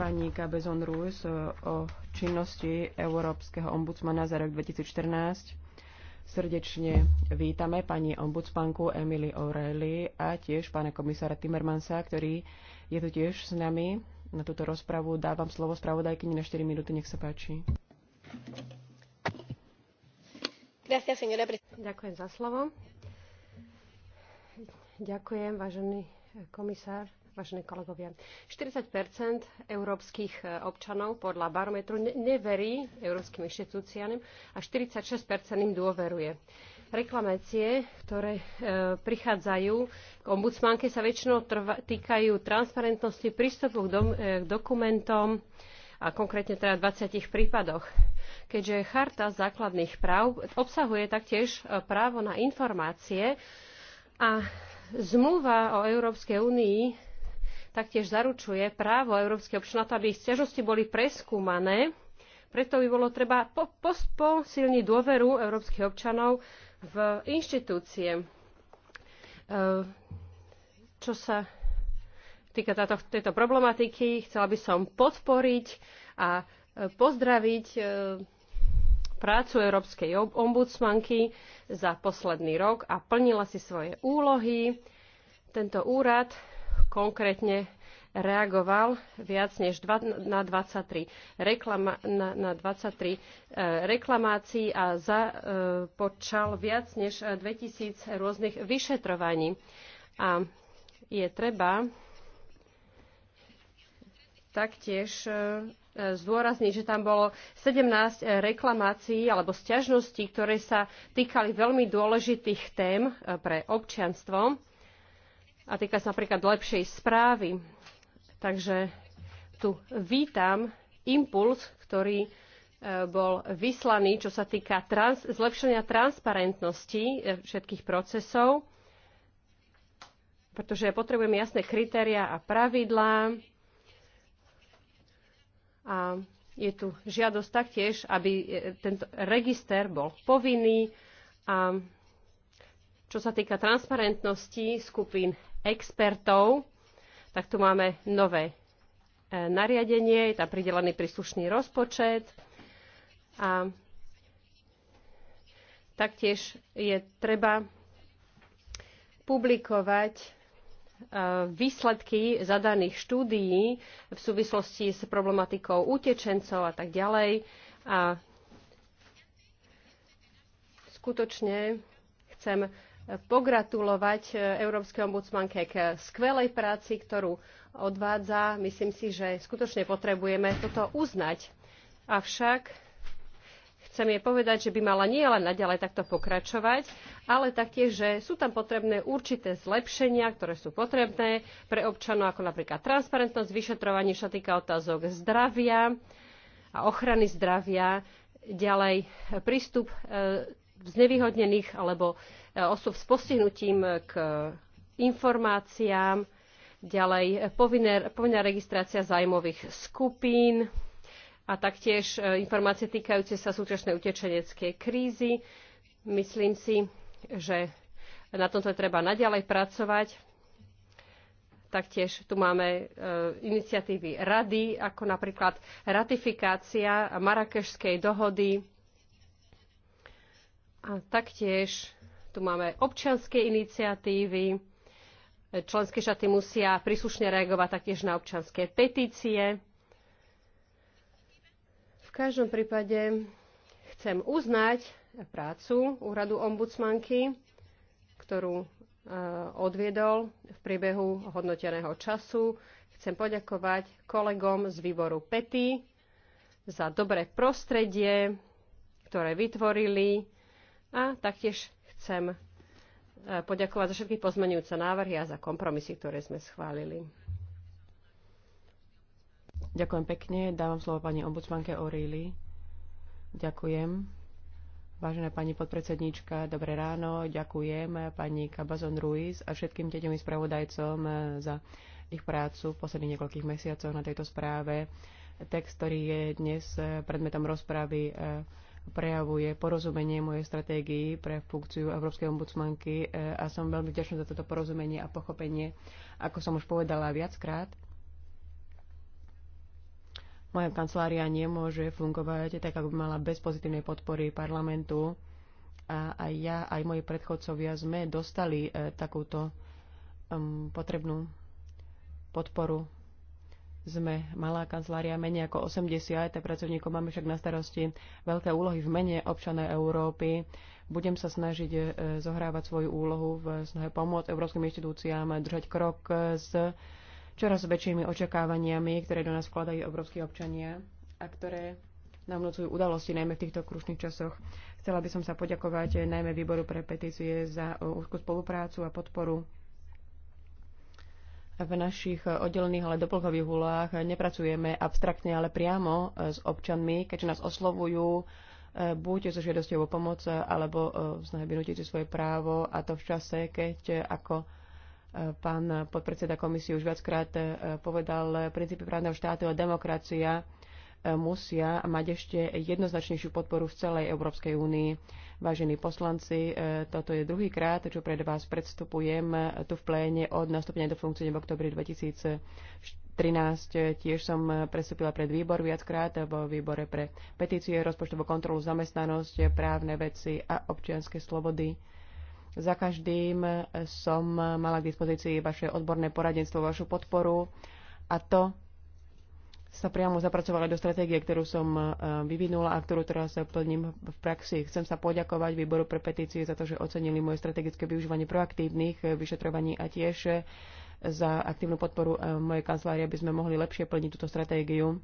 pani Gabezon Ruiz e, o činnosti Európskeho ombudsmana za rok 2014. Srdečne vítame pani ombudsmanku Emily O'Reilly a tiež pána komisára Timmermansa, ktorý je tu tiež s nami na túto rozpravu. Dávam slovo spravodajkyni na 4 minúty, nech sa páči. Ďakujem za slovo. Ďakujem, vážený komisár vážení kolegovia. 40 európskych e, občanov podľa barometru neverí európskym inštitúciám a 46 im dôveruje. Reklamácie, ktoré e, prichádzajú k ombudsmanke, sa väčšinou trva, týkajú transparentnosti prístupu k, dom, e, k dokumentom a konkrétne teda v 20 prípadoch. Keďže Charta základných práv obsahuje taktiež e, právo na informácie a zmluva o Európskej únii taktiež zaručuje právo európskych občanov, aby ich sťažnosti boli preskúmané. Preto by bolo treba posilniť dôveru európskych občanov v inštitúcie. E, čo sa týka táto, tejto problematiky, chcela by som podporiť a e, pozdraviť e, prácu Európskej ombudsmanky za posledný rok a plnila si svoje úlohy. Tento úrad konkrétne reagoval viac než na 23, reklama, na, na 23 e, reklamácií a započal e, viac než 2000 e, rôznych vyšetrovaní. A je treba taktiež e, e zdôrazniť, že tam bolo 17 e, reklamácií alebo sťažností, ktoré sa týkali veľmi dôležitých tém pre občianstvo a týka sa napríklad lepšej správy. Takže tu vítam impuls, ktorý e, bol vyslaný, čo sa týka trans- zlepšenia transparentnosti e, všetkých procesov, pretože potrebujeme jasné kritéria a pravidlá. A je tu žiadosť taktiež, aby e, tento register bol povinný. A čo sa týka transparentnosti skupín expertov, tak tu máme nové e, nariadenie, je tam pridelený príslušný rozpočet a taktiež je treba publikovať e, výsledky zadaných štúdií v súvislosti s problematikou utečencov a tak ďalej. A skutočne chcem pogratulovať e, Európskej ombudsmanke k skvelej práci, ktorú odvádza. Myslím si, že skutočne potrebujeme toto uznať. Avšak chcem jej povedať, že by mala nielen naďalej takto pokračovať, ale taktiež, že sú tam potrebné určité zlepšenia, ktoré sú potrebné pre občanov, ako napríklad transparentnosť, vyšetrovanie, čo týka otázok zdravia a ochrany zdravia, ďalej prístup e, znevýhodnených alebo osôb s postihnutím k informáciám, ďalej povinné, povinná registrácia zájmových skupín a taktiež e, informácie týkajúce sa súčasnej utečeneckej krízy. Myslím si, že na tomto treba naďalej pracovať. Taktiež tu máme e, iniciatívy rady, ako napríklad ratifikácia Marakešskej dohody a taktiež tu máme občianske iniciatívy, členské štáty musia príslušne reagovať taktiež na občanské petície. V každom prípade chcem uznať prácu úradu ombudsmanky, ktorú e, odviedol v priebehu hodnoteného času. Chcem poďakovať kolegom z výboru PETI za dobré prostredie, ktoré vytvorili a taktiež chcem e, poďakovať za všetky pozmenujúce návrhy a za kompromisy, ktoré sme schválili. Ďakujem pekne. Dávam slovo pani ombudsmanke O'Reilly. Ďakujem. Vážená pani podpredsedníčka, dobré ráno. Ďakujem pani Kabazon Ruiz a všetkým deťom spravodajcom e, za ich prácu v posledných niekoľkých mesiacoch na tejto správe. Text, ktorý je dnes e, predmetom rozpravy, prejavuje porozumenie mojej stratégii pre funkciu Európskej ombudsmanky e, a som veľmi vďačná za toto porozumenie a pochopenie. Ako som už povedala viackrát, moja kancelária nemôže fungovať tak, ako by mala bez pozitívnej podpory parlamentu. A aj ja, aj moji predchodcovia sme dostali e, takúto potrebnú podporu sme malá kancelária, menej ako 80 pracovníkov, máme však na starosti veľké úlohy v mene občanov Európy. Budem sa snažiť e, zohrávať svoju úlohu v snahe pomôcť európskym inštitúciám držať krok s čoraz väčšími očakávaniami, ktoré do nás vkladajú európsky občania a ktoré nám nocujú udalosti, najmä v týchto krušných časoch. Chcela by som sa poďakovať najmä výboru pre petície za úzkú spoluprácu a podporu v našich eh, oddelených, ale doplnkových úlohách nepracujeme abstraktne, ale priamo eh, s občanmi, keďže nás oslovujú eh, buď so žiadosťou o pomoc, alebo v snahe vynútiť si svoje právo a to v čase, keď ako pán podpredseda komisie už viackrát povedal, princípy právneho štátu a demokracia musia mať ešte jednoznačnejšiu podporu v celej Európskej únii Vážení poslanci, e, toto je druhý krát, čo pred vás predstupujem e, tu v pléne od nastúpenia do funkcie v oktobri 2013. Tiež som e, prestúpila pred výbor viackrát vo výbore pre petície, rozpočtovú kontrolu, zamestnanosť, právne veci a občianske slobody. Za každým som mala k dispozícii vaše odborné poradenstvo, vašu podporu a to sa priamo zapracovala do stratégie, ktorú som e, vyvinula a ktorú teraz plním v praxi. Chcem sa poďakovať výboru pre petície za to, že ocenili moje strategické využívanie proaktívnych e, vyšetrovaní a tiež e, za aktívnu podporu mojej kancelárie, aby sme mohli lepšie plniť túto stratégiu.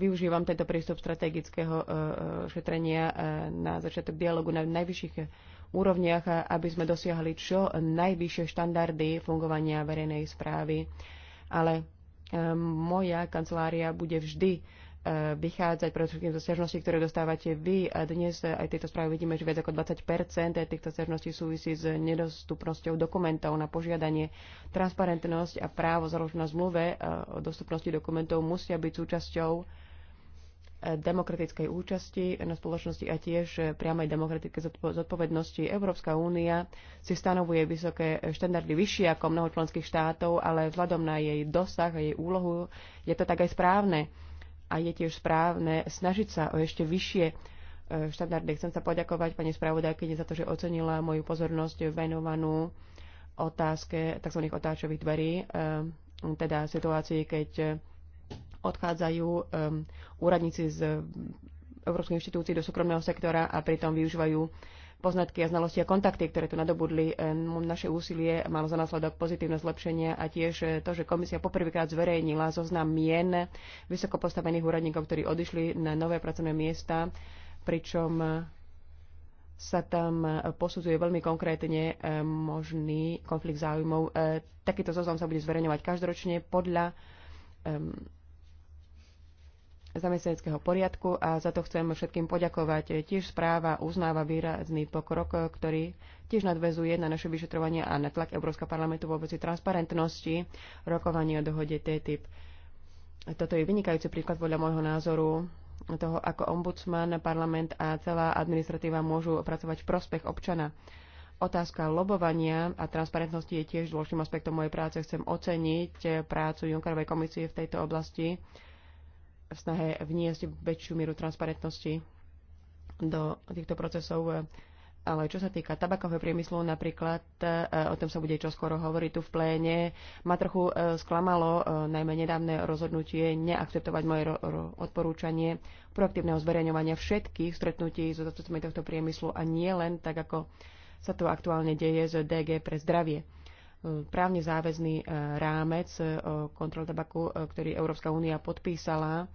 Využívam tento prístup strategického šetrenia na začiatok dialogu na najvyšších úrovniach, aby sme dosiahli čo najvyššie štandardy fungovania verejnej správy. Ale moja kancelária bude vždy e, vychádzať predovšetkým zo stiažností, ktoré dostávate vy. A dnes aj tejto správy vidíme, že viac ako 20 aj týchto stiažností súvisí s nedostupnosťou dokumentov na požiadanie. Transparentnosť a právo založené na zmluve e, o dostupnosti dokumentov musia byť súčasťou demokratickej účasti na spoločnosti a tiež priamej demokratické zodpovednosti. Európska únia si stanovuje vysoké štandardy vyššie ako mnoho členských štátov, ale vzhľadom na jej dosah a jej úlohu je to tak aj správne. A je tiež správne snažiť sa o ešte vyššie e, štandardy. Chcem sa poďakovať pani spravodajkyni za to, že ocenila moju pozornosť venovanú otázke tzv. otáčových dverí, e, teda situácii, keď odchádzajú um, úradníci z európskej inštitúcií do súkromného sektora a pritom využívajú poznatky a znalosti a kontakty, ktoré tu nadobudli. Um, naše úsilie malo za následok pozitívne zlepšenie a tiež eh, to, že komisia poprvýkrát zverejnila zoznam mien vysoko postavených úradníkov, ktorí odišli na nové pracovné miesta, pričom eh, sa tam eh, posudzuje veľmi konkrétne možný konflikt záujmov. Takýto zoznam sa bude zverejňovať každoročne podľa zamestnaneckého poriadku a za to chcem všetkým poďakovať. Tiež správa uznáva výrazný pokrok, ktorý tiež nadvezuje na naše vyšetrovanie a na tlak Európskeho parlamentu vo veci transparentnosti rokovania o dohode TTIP. Toto je vynikajúci príklad podľa môjho názoru toho, ako ombudsman, parlament a celá administratíva môžu pracovať v prospech občana. Otázka lobovania a transparentnosti je tiež dôležitým aspektom mojej práce. Chcem oceniť prácu Junckerovej komisie v tejto oblasti v snahe vniesť väčšiu mieru transparentnosti do týchto procesov. Ale čo sa týka tabakového priemyslu napríklad, e, o tom sa bude čoskoro hovoriť tu v pléne, ma trochu e, sklamalo e, najmä nedávne rozhodnutie neakceptovať moje odporúčanie proaktívneho zverejňovania všetkých stretnutí so zastupcami tohto priemyslu a nie len tak, ako sa to aktuálne deje z DG pre zdravie právne záväzný e, rámec e, o kontrole tabaku, e, ktorý Európska únia podpísala.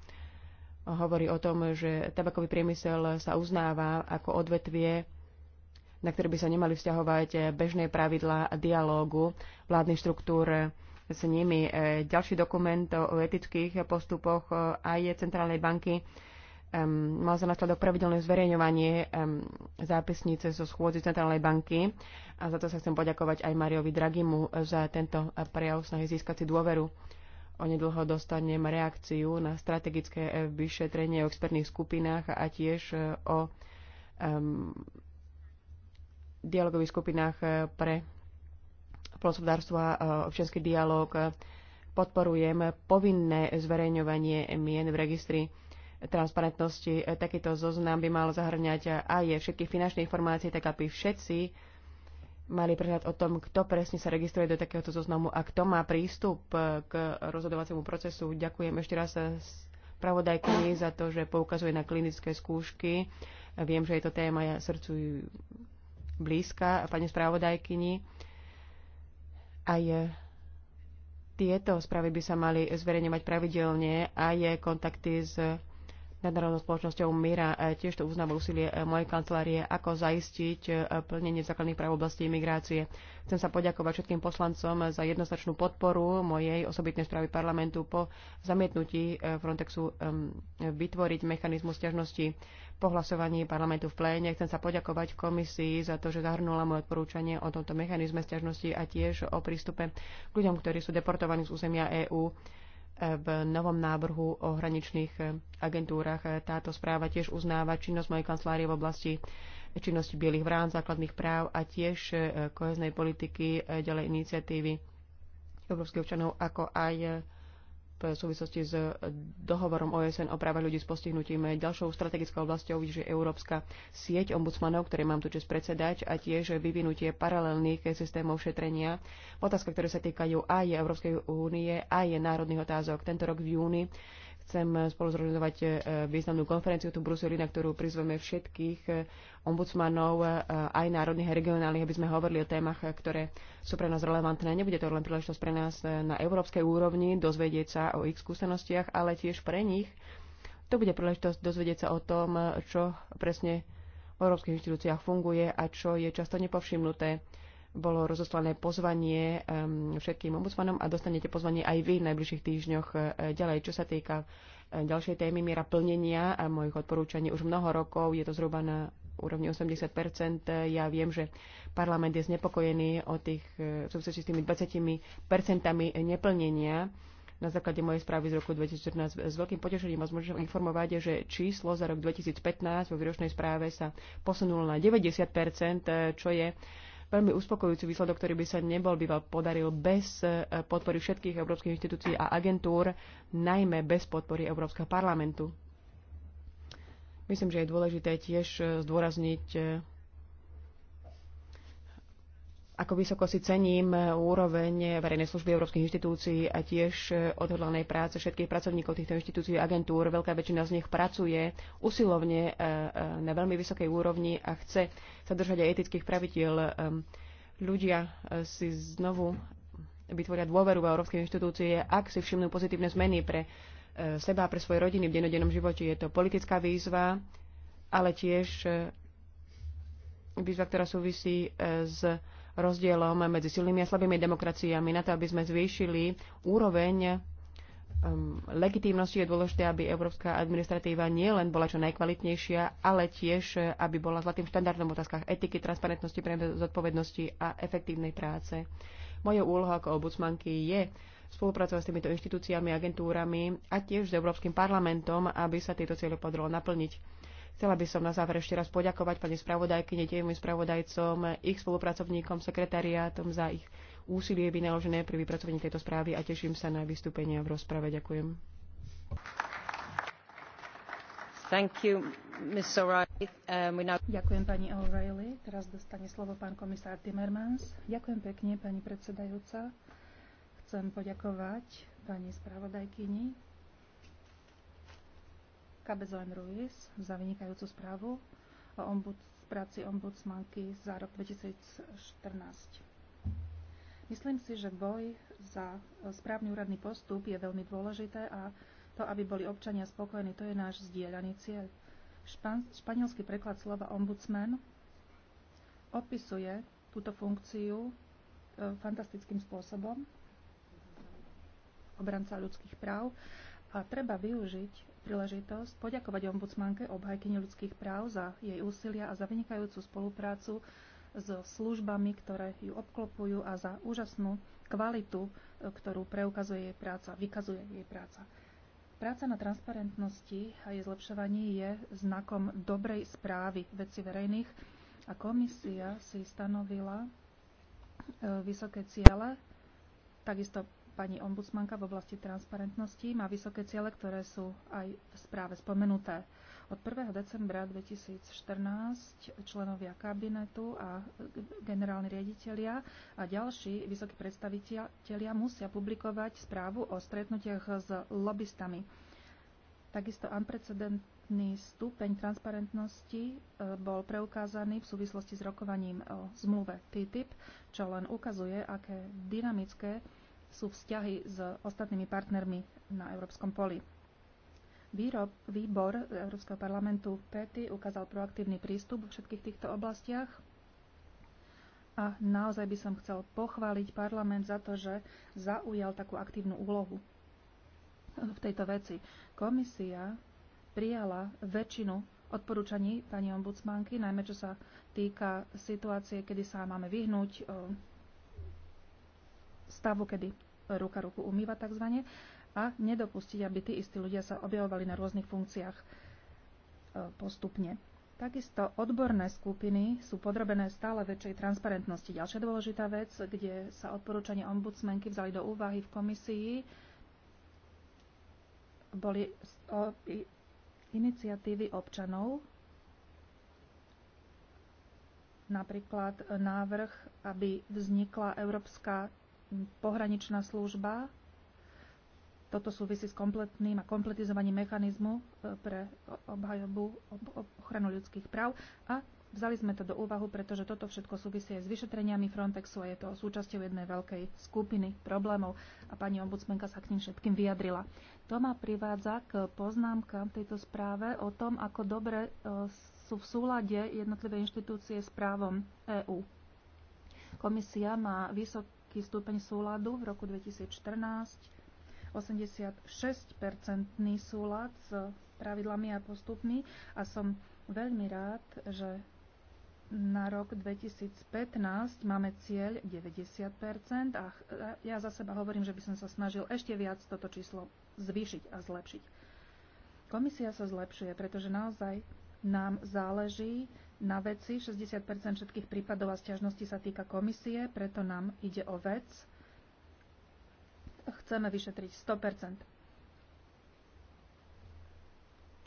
Hovorí o tom, že tabakový priemysel sa uznáva ako odvetvie, na ktoré by sa nemali vzťahovať bežné pravidlá dialógu vládnych štruktúr s nimi. Ďalší dokument o etických postupoch aj Centrálnej banky um, mal za následok pravidelné zverejňovanie um, zápisnice zo schôdzi Centrálnej banky a za to sa chcem poďakovať aj Mariovi Dragimu eh, za tento eh, prejav snahy získať si dôveru. O nedlho dostanem reakciu na strategické eh, vyšetrenie o expertných skupinách a tiež o um, dialogových skupinách pre hospodárstvo a občianský dialog. Podporujem povinné zverejňovanie mien v registri transparentnosti e, takýto zoznam by mal zahrňať aj všetky finančné informácie, tak aby všetci mali prehľad o tom, kto presne sa registruje do takéhoto zoznamu a kto má prístup e, k rozhodovaciemu procesu. Ďakujem ešte raz spravodajkyni za to, že poukazuje na klinické skúšky. Viem, že je to téma ja srdcu blízka, pani spravodajkyni. Aj e, tieto správy by sa mali zverejňovať pravidelne a je kontakty s nadnárodnou spoločnosťou Mira. E, tiež to uznáva úsilie e, mojej kancelárie, ako zaistiť e, plnenie základných práv oblasti imigrácie. Chcem sa poďakovať všetkým poslancom za jednoznačnú podporu mojej osobitnej správy parlamentu po zamietnutí Frontexu vytvoriť mechanizmus ťažnosti po hlasovaní parlamentu v pléne. Chcem sa poďakovať komisii za to, že zahrnula moje odporúčanie o tomto mechanizme sťažnosti a tiež o prístupe k ľuďom, ktorí sú deportovaní z územia EÚ v novom návrhu o hraničných agentúrach. Táto správa tiež uznáva činnosť mojej kancelárie v oblasti činnosti Bielých vrán, základných práv a tiež e, koheznej politiky, e, ďalej iniciatívy európskych občanov, ako aj e, v súvislosti s dohovorom OSN o práve ľudí s postihnutím. Ďalšou strategickou oblasťou je Európska sieť ombudsmanov, ktoré mám tu čas predsedať, a tiež vyvinutie paralelných systémov šetrenia. Otázka, ktoré sa týkajú aj Európskej únie, aj národných otázok. Tento rok v júni chcem eh, spolu zorganizovať eh, významnú konferenciu tu v Bruseli, na ktorú prizveme všetkých eh, ombudsmanov, aj národných a regionálnych, aby sme hovorili o témach, ktoré sú pre nás relevantné. Nebude to len príležitosť pre nás na európskej úrovni dozvedieť sa o ich skúsenostiach, ale tiež pre nich. To bude príležitosť dozvedieť sa o tom, čo presne v európskych inštitúciách funguje a čo je často nepovšimnuté bolo rozoslané pozvanie všetkým ombudsmanom a dostanete pozvanie aj vy v najbližších týždňoch e, ďalej. Čo sa týka e, ďalšej témy miera plnenia a mojich odporúčaní už mnoho rokov, je to zhruba na úrovni 80 Ja viem, že parlament je znepokojený o tých e, súvislosti s tými 20 percentami neplnenia na základe mojej správy z roku 2014. S veľkým potešením vás môžem informovať, že číslo za rok 2015 vo výročnej správe sa posunulo na 90 čo je veľmi uspokojujúci výsledok, ktorý by sa nebol býval podaril bez e, podpory všetkých európskych inštitúcií a agentúr, najmä bez podpory Európskeho parlamentu. Myslím, že je dôležité tiež e, zdôrazniť e, ako vysoko si cením eh, úroveň verejnej služby európskych inštitúcií a tiež eh, odhodlanej práce všetkých pracovníkov týchto inštitúcií a agentúr. Veľká väčšina z nich pracuje usilovne eh, na veľmi vysokej úrovni a chce sa držať aj etických pravidiel. Ehm, ľudia si znovu vytvoria dôveru v európske inštitúcie, ak si všimnú pozitívne zmeny pre seba a pre svoje rodiny v denodennom živote. Je to politická výzva, ale tiež výzva, ktorá súvisí s rozdielom medzi silnými a slabými demokraciami. Na to, aby sme zvýšili úroveň um, legitímnosti, je dôležité, aby európska administratíva nielen bola čo najkvalitnejšia, ale tiež, aby bola zlatým štandardom v otázkach etiky, transparentnosti, zodpovednosti a efektívnej práce. Moja úloha ako obudsmanky je spolupracovať s týmito inštitúciami, agentúrami a tiež s Európskym parlamentom, aby sa tieto cieľe podarilo naplniť. Chcela by som na záver ešte raz poďakovať pani spravodajky, netejovým spravodajcom, ich spolupracovníkom, sekretariátom za ich úsilie vynaložené pri vypracovaní tejto správy a teším sa na vystúpenia v rozprave. Ďakujem. Thank you, Ms. Um, now... Ďakujem pani O'Reilly. Teraz dostane slovo pán komisár Timmermans. Ďakujem pekne, pani predsedajúca. Chcem poďakovať pani spravodajkyni Kabezoen Ruiz za vynikajúcu správu o ombud, práci ombudsmanky za rok 2014. Myslím si, že boj za správny úradný postup je veľmi dôležité a to, aby boli občania spokojní, to je náš zdieľaný cieľ. Špan, španielský preklad slova ombudsman opisuje túto funkciu e, fantastickým spôsobom obranca ľudských práv a treba využiť príležitosť poďakovať ombudsmanke obhajkyni ľudských práv za jej úsilia a za vynikajúcu spoluprácu so službami, ktoré ju obklopujú a za úžasnú kvalitu, e, ktorú preukazuje jej práca, vykazuje jej práca. Práca na transparentnosti a jej zlepšovaní je znakom dobrej správy veci verejných a komisia si stanovila e, vysoké ciele, takisto pani ombudsmanka v oblasti transparentnosti má vysoké ciele, ktoré sú aj v správe spomenuté. Od 1. decembra 2014 členovia kabinetu a generálni riaditeľia a ďalší vysokí predstavitelia musia publikovať správu o stretnutiach s lobbystami. Takisto unprecedentný stupeň transparentnosti e, bol preukázaný v súvislosti s rokovaním o zmluve TTIP, čo len ukazuje, aké dynamické sú vzťahy s ostatnými partnermi na európskom poli. Výrob, výbor Európskeho parlamentu PETI ukázal proaktívny prístup vo všetkých týchto oblastiach a naozaj by som chcel pochváliť parlament za to, že zaujal takú aktívnu úlohu v tejto veci. Komisia prijala väčšinu odporúčaní pani ombudsmanky, najmä čo sa týka situácie, kedy sa máme vyhnúť eh, stavu, kedy ruka ruku umýva tzv. a nedopustiť, aby tí istí ľudia sa objavovali na rôznych funkciách e, postupne. Takisto odborné skupiny sú podrobené stále väčšej transparentnosti. Ďalšia dôležitá vec, kde sa odporúčania ombudsmenky vzali do úvahy v komisii, boli iniciatívy občanov, napríklad návrh, aby vznikla Európska pohraničná služba. Toto súvisí s kompletným a kompletizovaním mechanizmu e, pre obhajobu ochranu ľudských práv a Vzali sme to do úvahu, pretože toto všetko súvisí aj s vyšetreniami Frontexu a je to súčasťou jednej veľkej skupiny problémov a pani ombudsmenka sa k ním všetkým vyjadrila. To ma privádza k poznámkam tejto správe o tom, ako dobre e, sú v súlade jednotlivé inštitúcie s právom EÚ. Komisia má vysok, vysoký stupeň súladu v roku 2014, 86-percentný súlad s pravidlami a postupmi a som veľmi rád, že na rok 2015 máme cieľ 90% a ja za seba hovorím, že by som sa snažil ešte viac toto číslo zvýšiť a zlepšiť. Komisia sa zlepšuje, pretože naozaj nám záleží na veci. 60 všetkých prípadov a stiažností sa týka komisie, preto nám ide o vec. Chceme vyšetriť 100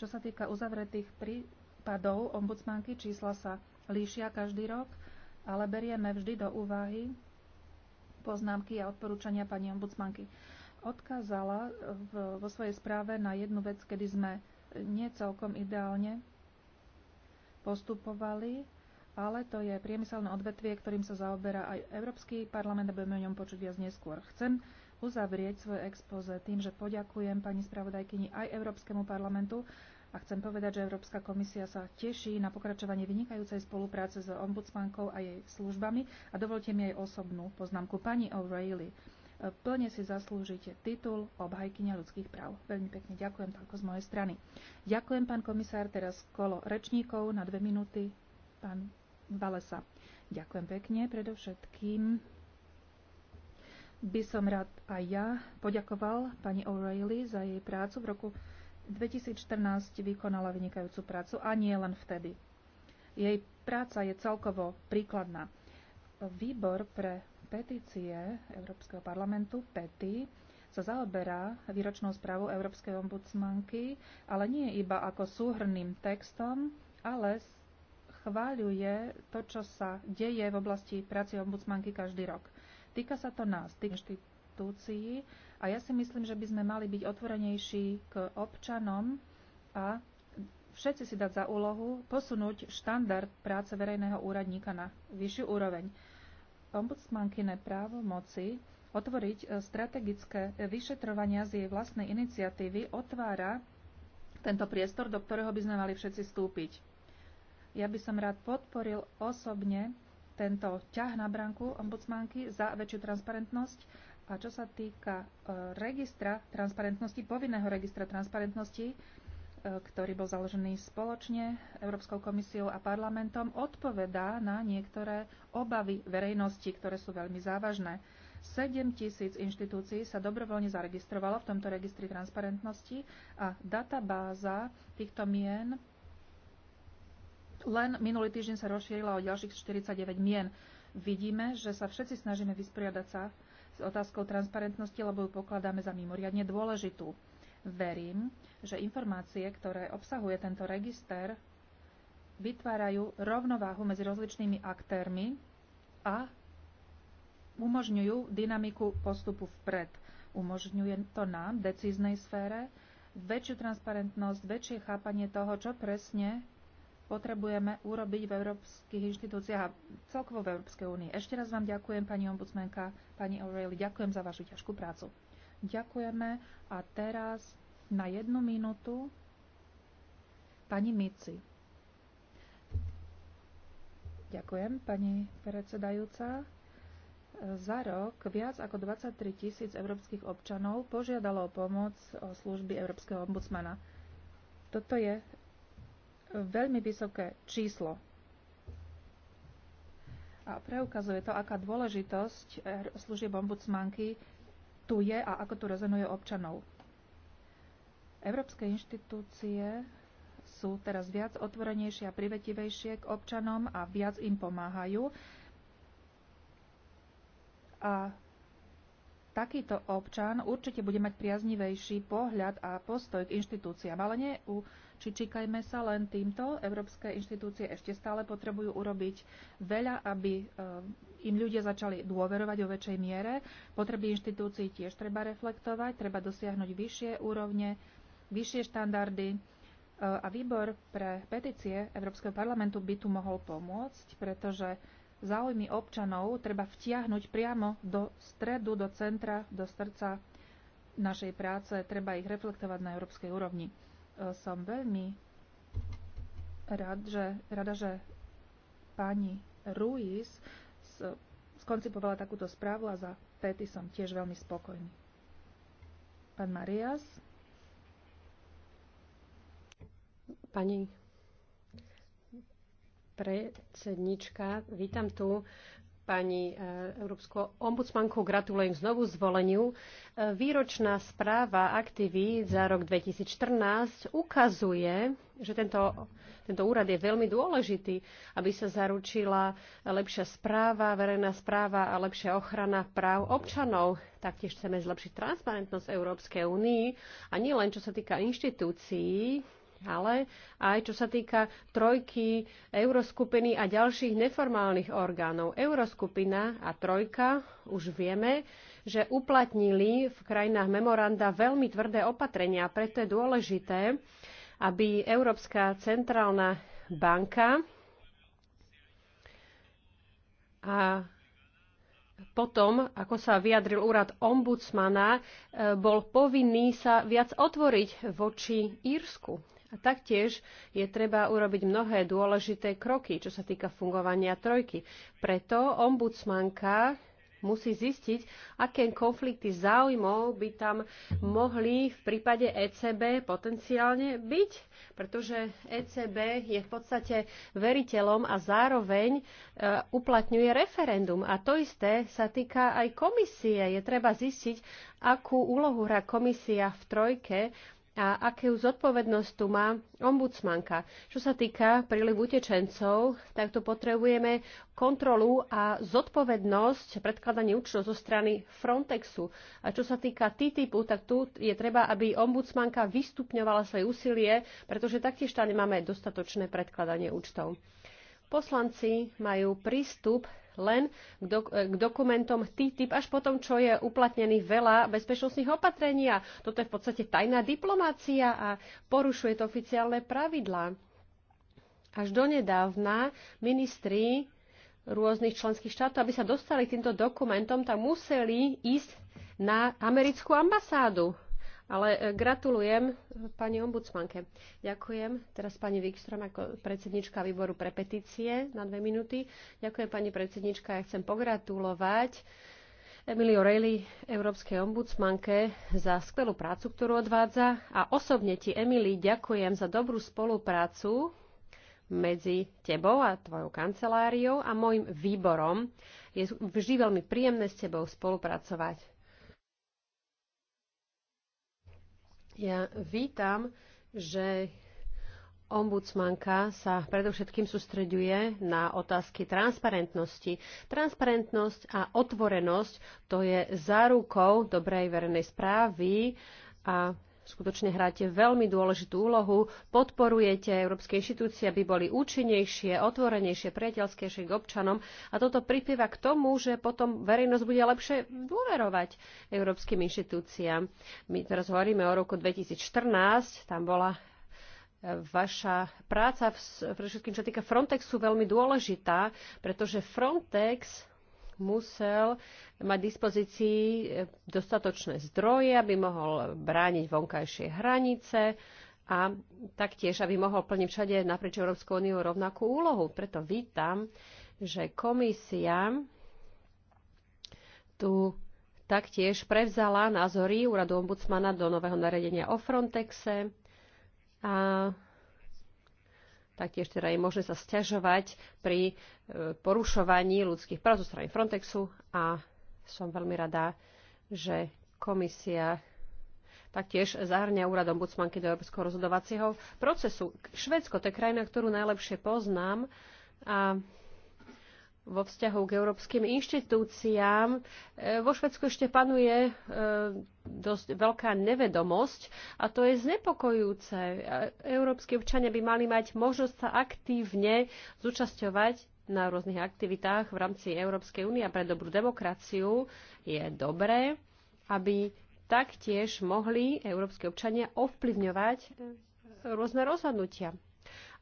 Čo sa týka uzavretých prípadov ombudsmanky, čísla sa líšia každý rok, ale berieme vždy do úvahy poznámky a odporúčania pani ombudsmanky. Odkázala v, vo svojej správe na jednu vec, kedy sme nie celkom ideálne postupovali, ale to je priemyselné odvetvie, ktorým sa zaoberá aj Európsky parlament a budeme o ňom počuť viac neskôr. Chcem uzavrieť svoje expoze tým, že poďakujem pani spravodajkyni aj Európskemu parlamentu a chcem povedať, že Európska komisia sa teší na pokračovanie vynikajúcej spolupráce s ombudsmankou a jej službami a dovolte mi aj osobnú poznámku pani O'Reilly plne si zaslúžite titul obhajkyňa ľudských práv. Veľmi pekne ďakujem toľko z mojej strany. Ďakujem, pán komisár, teraz kolo rečníkov na dve minúty. Pán Valesa. Ďakujem pekne predovšetkým. By som rád aj ja poďakoval pani O'Reilly za jej prácu. V roku 2014 vykonala vynikajúcu prácu a nie len vtedy. Jej práca je celkovo príkladná. Výbor pre petície Európskeho parlamentu, PETI, sa zaoberá výročnou správou Európskej ombudsmanky, ale nie iba ako súhrným textom, ale chváľuje to, čo sa deje v oblasti práce ombudsmanky každý rok. Týka sa to nás, tých inštitúcií, a ja si myslím, že by sme mali byť otvorenejší k občanom a všetci si dať za úlohu posunúť štandard práce verejného úradníka na vyššiu úroveň ombudsmankyné právomoci otvoriť e, strategické e, vyšetrovania z jej vlastnej iniciatívy otvára tento priestor, do ktorého by sme mali všetci stúpiť. Ja by som rád podporil osobne tento ťah na branku ombudsmanky za väčšiu transparentnosť. A čo sa týka e, registra transparentnosti, povinného registra transparentnosti, E, ktorý bol založený spoločne Európskou komisiou a parlamentom, odpovedá na niektoré obavy verejnosti, ktoré sú veľmi závažné. 7 tisíc inštitúcií sa dobrovoľne zaregistrovalo v tomto registri transparentnosti a databáza týchto mien len minulý týždeň sa rozšírila o ďalších 49 mien. Vidíme, že sa všetci snažíme vysporiadať sa s otázkou transparentnosti, lebo ju pokladáme za mimoriadne dôležitú. Verím, že informácie, ktoré obsahuje tento register, vytvárajú rovnováhu medzi rozličnými aktérmi a umožňujú dynamiku postupu vpred. Umožňuje to nám, decíznej sfére, väčšiu transparentnosť, väčšie chápanie toho, čo presne potrebujeme urobiť v európskych inštitúciách a celkovo v Európskej únii. Ešte raz vám ďakujem, pani ombudsmenka, pani O'Reilly, ďakujem za vašu ťažkú prácu. Ďakujeme a teraz na jednu minútu pani Mici. Ďakujem, pani predsedajúca. Za rok viac ako 23 tisíc európskych občanov požiadalo o pomoc o služby Európskeho ombudsmana. Toto je veľmi vysoké číslo. A preukazuje to, aká dôležitosť er- služieb ombudsmanky tu je a ako tu rezonuje občanov. Európske inštitúcie sú teraz viac otvorenejšie a privetivejšie k občanom a viac im pomáhajú. A takýto občan určite bude mať priaznivejší pohľad a postoj k inštitúciám, ale nie u Čičíkajme sa len týmto. Európske inštitúcie ešte stále potrebujú urobiť veľa, aby eh, im ľudia začali dôverovať o väčšej miere. Potreby inštitúcií tiež treba reflektovať, treba dosiahnuť vyššie úrovne, vyššie štandardy. Eh, a výbor pre petície Európskeho parlamentu by tu mohol pomôcť, pretože záujmy občanov treba vtiahnuť priamo do stredu, do centra, do srdca našej práce, treba ich reflektovať na európskej úrovni som veľmi rád, že, rada, že pani Ruiz skoncipovala takúto správu a za Pety som tiež veľmi spokojný. Pán Marias. Pani predsednička, vítam tu pani e, Európsku ombudsmanku. Gratulujem znovu zvoleniu. E, výročná správa aktivy za rok 2014 ukazuje, že tento, tento úrad je veľmi dôležitý, aby sa zaručila lepšia správa, verejná správa a lepšia ochrana práv občanov. Taktiež chceme zlepšiť transparentnosť Európskej únii a nie len čo sa týka inštitúcií, ale aj čo sa týka trojky, euroskupiny a ďalších neformálnych orgánov. Euroskupina a trojka už vieme, že uplatnili v krajinách memoranda veľmi tvrdé opatrenia, preto je dôležité, aby Európska centrálna banka a potom, ako sa vyjadril úrad ombudsmana, e, bol povinný sa viac otvoriť voči Írsku. A taktiež je treba urobiť mnohé dôležité kroky, čo sa týka fungovania trojky. Preto ombudsmanka musí zistiť, aké konflikty záujmov by tam mohli v prípade ECB potenciálne byť, pretože ECB je v podstate veriteľom a zároveň e, uplatňuje referendum. A to isté sa týka aj komisie. Je treba zistiť, akú úlohu hrá komisia v trojke a akú zodpovednosť tu má ombudsmanka. Čo sa týka prílivu utečencov, tak tu potrebujeme kontrolu a zodpovednosť predkladanie účtov zo strany Frontexu. A čo sa týka TTIPu, tak tu je treba, aby ombudsmanka vystupňovala svoje úsilie, pretože taktiež tam nemáme dostatočné predkladanie účtov. Poslanci majú prístup len k, do, e, k dokumentom TTIP až potom, čo je uplatnených veľa bezpečnostných opatrení. A toto je v podstate tajná diplomácia a porušuje to oficiálne pravidlá. Až donedávna ministri rôznych členských štátov, aby sa dostali k týmto dokumentom, tak museli ísť na americkú ambasádu ale e, gratulujem e, pani ombudsmanke. Ďakujem. Teraz pani Wikström ako predsednička výboru pre petície na dve minúty. Ďakujem pani predsednička. Ja chcem pogratulovať Emily O'Reilly, Európskej ombudsmanke, za skvelú prácu, ktorú odvádza. A osobne ti, Emily, ďakujem za dobrú spoluprácu medzi tebou a tvojou kanceláriou a môjim výborom. Je vždy veľmi príjemné s tebou spolupracovať. Ja vítam, že ombudsmanka sa predovšetkým sústreďuje na otázky transparentnosti. Transparentnosť a otvorenosť to je zárukou dobrej verejnej správy a skutočne hráte veľmi dôležitú úlohu, podporujete európske inštitúcie, aby boli účinnejšie, otvorenejšie, priateľskejšie k občanom a toto pripieva k tomu, že potom verejnosť bude lepšie dôverovať európskym inštitúciám. My teraz hovoríme o roku 2014, tam bola e, vaša práca, pre všetkým čo týka Frontexu, veľmi dôležitá, pretože Frontex musel mať dispozícii eh, dostatočné zdroje, aby mohol brániť vonkajšie hranice a taktiež, aby mohol plniť všade naprieč Európskou úniu rovnakú úlohu. Preto vítam, že komisia tu taktiež prevzala názory úradu ombudsmana do nového nariadenia o Frontexe a Taktiež teda je možné sa sťažovať pri e, porušovaní ľudských práv zo strany Frontexu a som veľmi rada, že komisia taktiež zahrňa úrad ombudsmanky do európskeho rozhodovacieho procesu. Švedsko to je krajina, ktorú najlepšie poznám a vo vzťahu k európskym inštitúciám. E, vo Švedsku ešte panuje e, dosť veľká nevedomosť a to je znepokojúce. E, európsky občania by mali mať možnosť sa aktívne zúčasťovať na rôznych aktivitách v rámci Európskej únie a pre dobrú demokraciu je dobré, aby taktiež mohli európske občania ovplyvňovať rôzne rozhodnutia.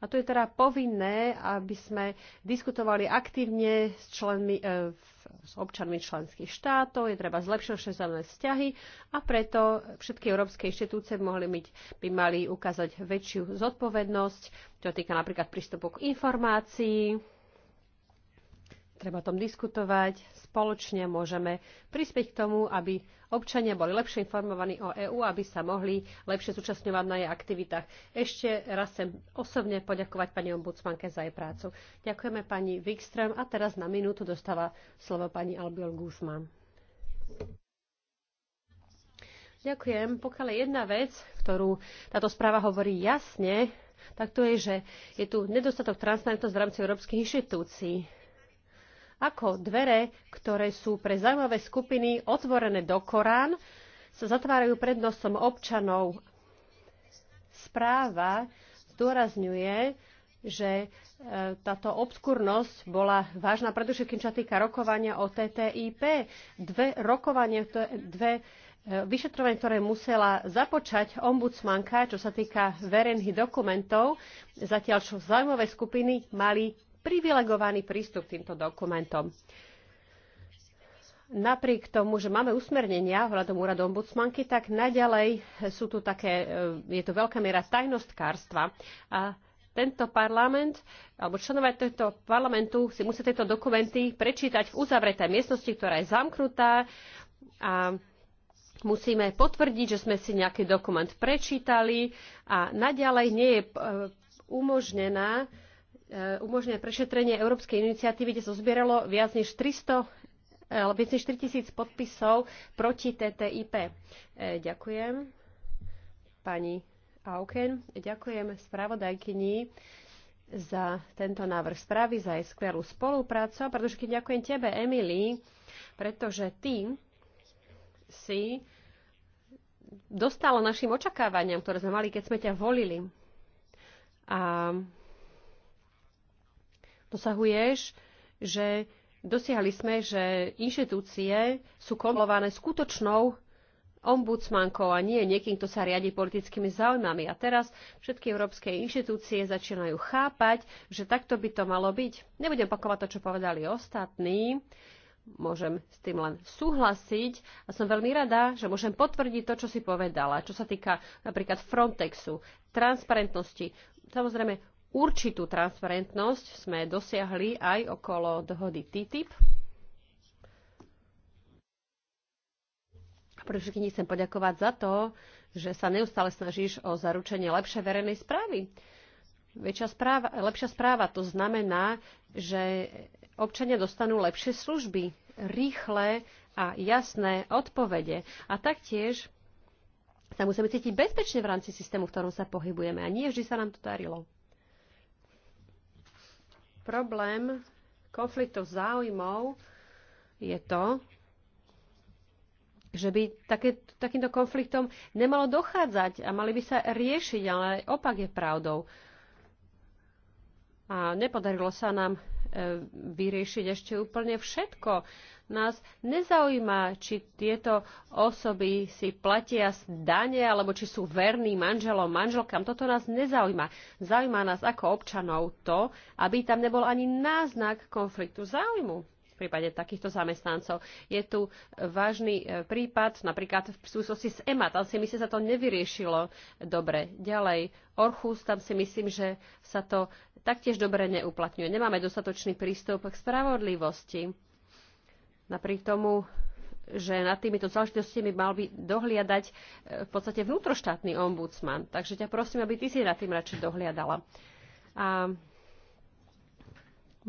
A tu je teda povinné, aby sme diskutovali aktívne s, členmi, e, s občanmi členských štátov, je treba zlepšiť vzájomné vzťahy a preto všetky európske inštitúcie mohli byť, by mali ukázať väčšiu zodpovednosť, čo týka napríklad prístupu k informácii, treba o tom diskutovať, spoločne môžeme prispieť k tomu, aby občania boli lepšie informovaní o EÚ, aby sa mohli lepšie zúčastňovať na jej aktivitách. Ešte raz chcem osobne poďakovať pani ombudsmanke za jej prácu. Ďakujeme pani Wikström a teraz na minútu dostáva slovo pani Albiol Guzman. Ďakujem. Pokiaľ je jedna vec, ktorú táto správa hovorí jasne, tak to je, že je tu nedostatok transparentnosti v rámci európskych inštitúcií ako dvere, ktoré sú pre zaujímavé skupiny otvorené do Korán, sa zatvárajú pred nosom občanov. Správa zdôrazňuje, že e, táto obskurnosť bola vážna, pretože kým sa týka rokovania o TTIP. Dve rokovania, dve e, vyšetrovanie, ktoré musela započať ombudsmanka, čo sa týka verejných dokumentov, zatiaľ čo zaujímavé skupiny mali privilegovaný prístup k týmto dokumentom. Napriek tomu, že máme usmernenia hľadom úradu ombudsmanky, tak naďalej sú tu také, e, je tu veľká miera tajnostkárstva. A tento parlament, alebo členovia tohto parlamentu si musia tieto dokumenty prečítať v uzavretej miestnosti, ktorá je zamknutá a musíme potvrdiť, že sme si nejaký dokument prečítali a naďalej nie je e, umožnená E, umožňuje prešetrenie Európskej iniciatívy, kde sa zbieralo viac než 300 e, viac než 4000 podpisov proti TTIP. E, ďakujem pani Auken, ďakujem spravodajkyni za tento návrh správy, za jej skvelú spoluprácu a pretože keď ďakujem tebe, Emily, pretože ty si dostala našim očakávaniam, ktoré sme mali, keď sme ťa volili. A dosahuješ, že dosiahli sme, že inštitúcie sú kontrolované skutočnou ombudsmankou a nie niekým, kto sa riadi politickými záujmami. A teraz všetky európske inštitúcie začínajú chápať, že takto by to malo byť. Nebudem pakovať to, čo povedali ostatní. Môžem s tým len súhlasiť a som veľmi rada, že môžem potvrdiť to, čo si povedala, čo sa týka napríklad Frontexu, transparentnosti. Samozrejme, určitú transparentnosť sme dosiahli aj okolo dohody TTIP. Pre všetkým chcem poďakovať za to, že sa neustále snažíš o zaručenie lepšej verejnej správy. Väčšia správa, lepšia správa to znamená, že občania dostanú lepšie služby, rýchle a jasné odpovede. A taktiež sa musíme cítiť bezpečne v rámci systému, v ktorom sa pohybujeme. A nie vždy sa nám to darilo. Problém konfliktov záujmov je to, že by také, takýmto konfliktom nemalo dochádzať a mali by sa riešiť, ale opak je pravdou a nepodarilo sa nám e, vyriešiť ešte úplne všetko. Nás nezaujíma, či tieto osoby si platia dane, alebo či sú verní manželom, manželkám. Toto nás nezaujíma. Zaujíma nás ako občanov to, aby tam nebol ani náznak konfliktu záujmu prípade takýchto zamestnancov. Je tu vážny e, prípad, napríklad v súvislosti s EMA, tam si myslím, sa to nevyriešilo dobre. Ďalej, Orchus, tam si myslím, že sa to taktiež dobre neuplatňuje. Nemáme dostatočný prístup k spravodlivosti. Napriek tomu že nad týmito záležitostiami mal by dohliadať e, v podstate vnútroštátny ombudsman. Takže ťa prosím, aby ty si nad tým radšej dohliadala. A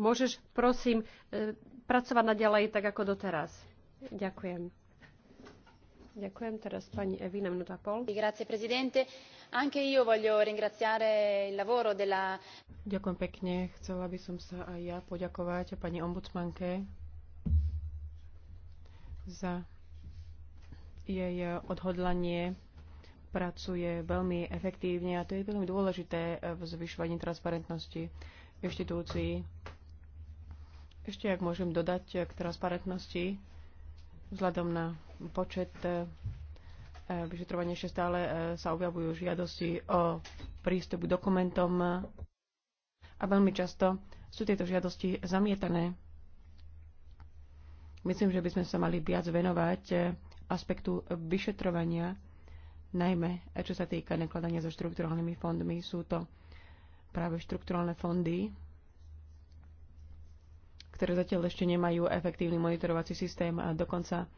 môžeš, prosím, e, pracovať naďalej tak ako doteraz. Ďakujem. Ďakujem teraz pani Evina, minúta pol. Grazie, presidente. Anche io voglio ringraziare il lavoro della... Ďakujem pekne. Chcela by som sa aj ja poďakovať pani ombudsmanke za jej odhodlanie pracuje veľmi efektívne a to je veľmi dôležité v zvyšovaní transparentnosti inštitúcií. Ešte, ak môžem dodať eh, k transparentnosti, vzhľadom na počet eh, eh, vyšetrovania stále sa objavujú žiadosti o prístup k dokumentom a veľmi často sú tieto žiadosti zamietané. Myslím, že by sme sa mali viac venovať aspektu vyšetrovania, najmä čo sa týka nakladania so štrukturálnymi fondmi. Sú to práve štrukturálne fondy, ktoré zatiaľ ešte nemajú efektívny monitorovací systém a dokonca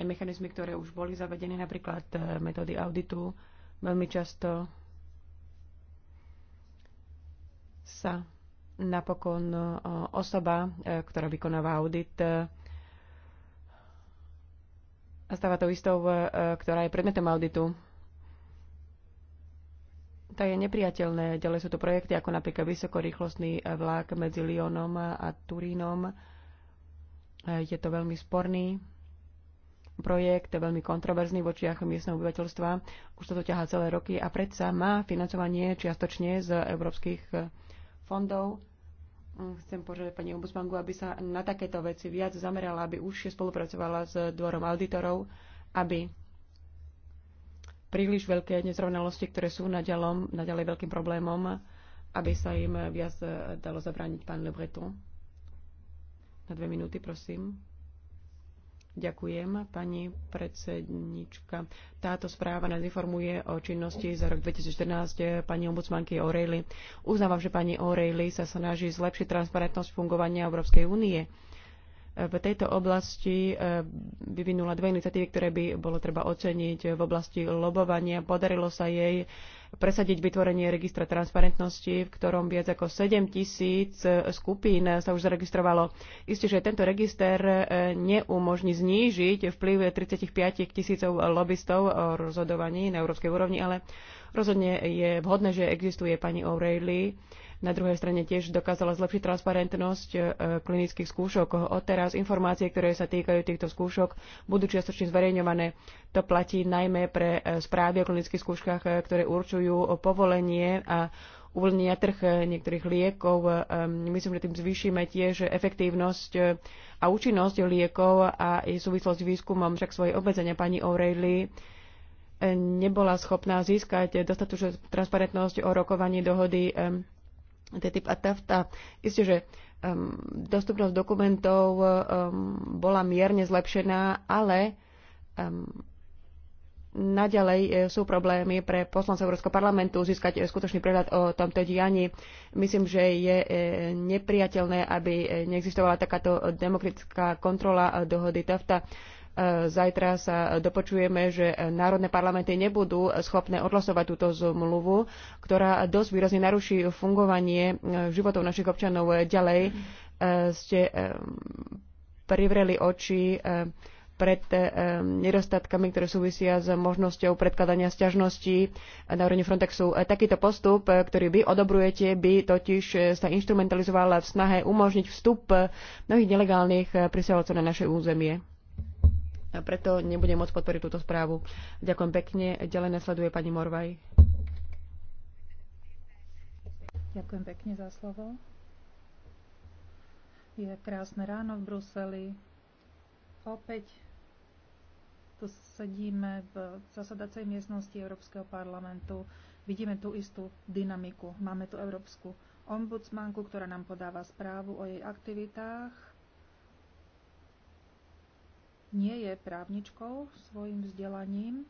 aj mechanizmy, ktoré už boli zavedené, napríklad e, metódy auditu, veľmi často sa napokon e, osoba, e, ktorá vykonáva audit, a stáva to istou, ktorá je predmetom auditu. To je nepriateľné. Ďalej sú to projekty ako napríklad vysokorýchlostný eh, vlak medzi Lyonom a Turínom. Eh, je to veľmi sporný projekt, veľmi kontroverzný voči očiach miestneho obyvateľstva. Už to ťahá celé roky a predsa má financovanie čiastočne z európskych eh, fondov. Mm, chcem požiadať pani ombudsmanku, aby sa na takéto veci viac zamerala, aby už spolupracovala s dvorom auditorov, aby príliš veľké nezrovnalosti, ktoré sú naďalom, naďalej veľkým problémom, aby sa im viac eh, dalo zabrániť pán Le Breton. Na dve minúty, prosím. Ďakujem, pani predsednička. Táto správa nás informuje o činnosti za rok 2014 pani ombudsmanky O'Reilly. Uznávam, že pani O'Reilly sa snaží zlepšiť transparentnosť fungovania Európskej únie v tejto oblasti eh, vyvinula dve iniciatívy, ktoré by bolo treba oceniť v oblasti lobovania. Podarilo sa jej presadiť vytvorenie registra transparentnosti, v ktorom viac ako 7 tisíc eh, skupín sa už zaregistrovalo. Isté, že tento register eh, neumožní znížiť vplyv 35 tisícov lobbystov o rozhodovaní na európskej úrovni, ale rozhodne je vhodné, že existuje pani O'Reilly, na druhej strane tiež dokázala zlepšiť transparentnosť e, klinických skúšok. Odteraz informácie, ktoré sa týkajú týchto skúšok, budú čiastočne zverejňované. To platí najmä pre e, správy o klinických skúškach, e, ktoré určujú povolenie a uvoľnenia trh niektorých liekov. Myslím, že tým zvýšime tiež efektívnosť a účinnosť liekov a jej súvislosť s výskumom. Však svoje obmedzenia pani O'Reilly nebola schopná získať dostatočnú transparentnosť o rokovaní dohody TTIP a TAFTA. Isté, že um, dostupnosť dokumentov um, bola mierne zlepšená, ale um, naďalej e, sú problémy pre poslancov Európskeho parlamentu získať e, skutočný prehľad o tomto dianí. Myslím, že je e, nepriateľné, aby neexistovala takáto demokratická kontrola dohody TAFTA Zajtra sa dopočujeme, že národné parlamenty nebudú schopné odhlasovať túto zmluvu, ktorá dosť výrazne naruší fungovanie e, životov našich občanov. Ďalej e, ste e, privreli oči pred nedostatkami, ktoré súvisia s možnosťou predkladania sťažností na úrovni Frontexu. Takýto postup, ktorý vy odobrujete, by totiž sa instrumentalizoval v snahe umožniť vstup mnohých nelegálnych prisielcov na naše územie a preto nebudem môcť podporiť túto správu. Ďakujem pekne. Ďalej nasleduje pani Morvaj. Ďakujem pekne za slovo. Je krásne ráno v Bruseli. Opäť tu sedíme v zasadacej miestnosti Európskeho parlamentu. Vidíme tú istú dynamiku. Máme tu Európsku ombudsmanku, ktorá nám podáva správu o jej aktivitách nie je právničkou svojim vzdelaním,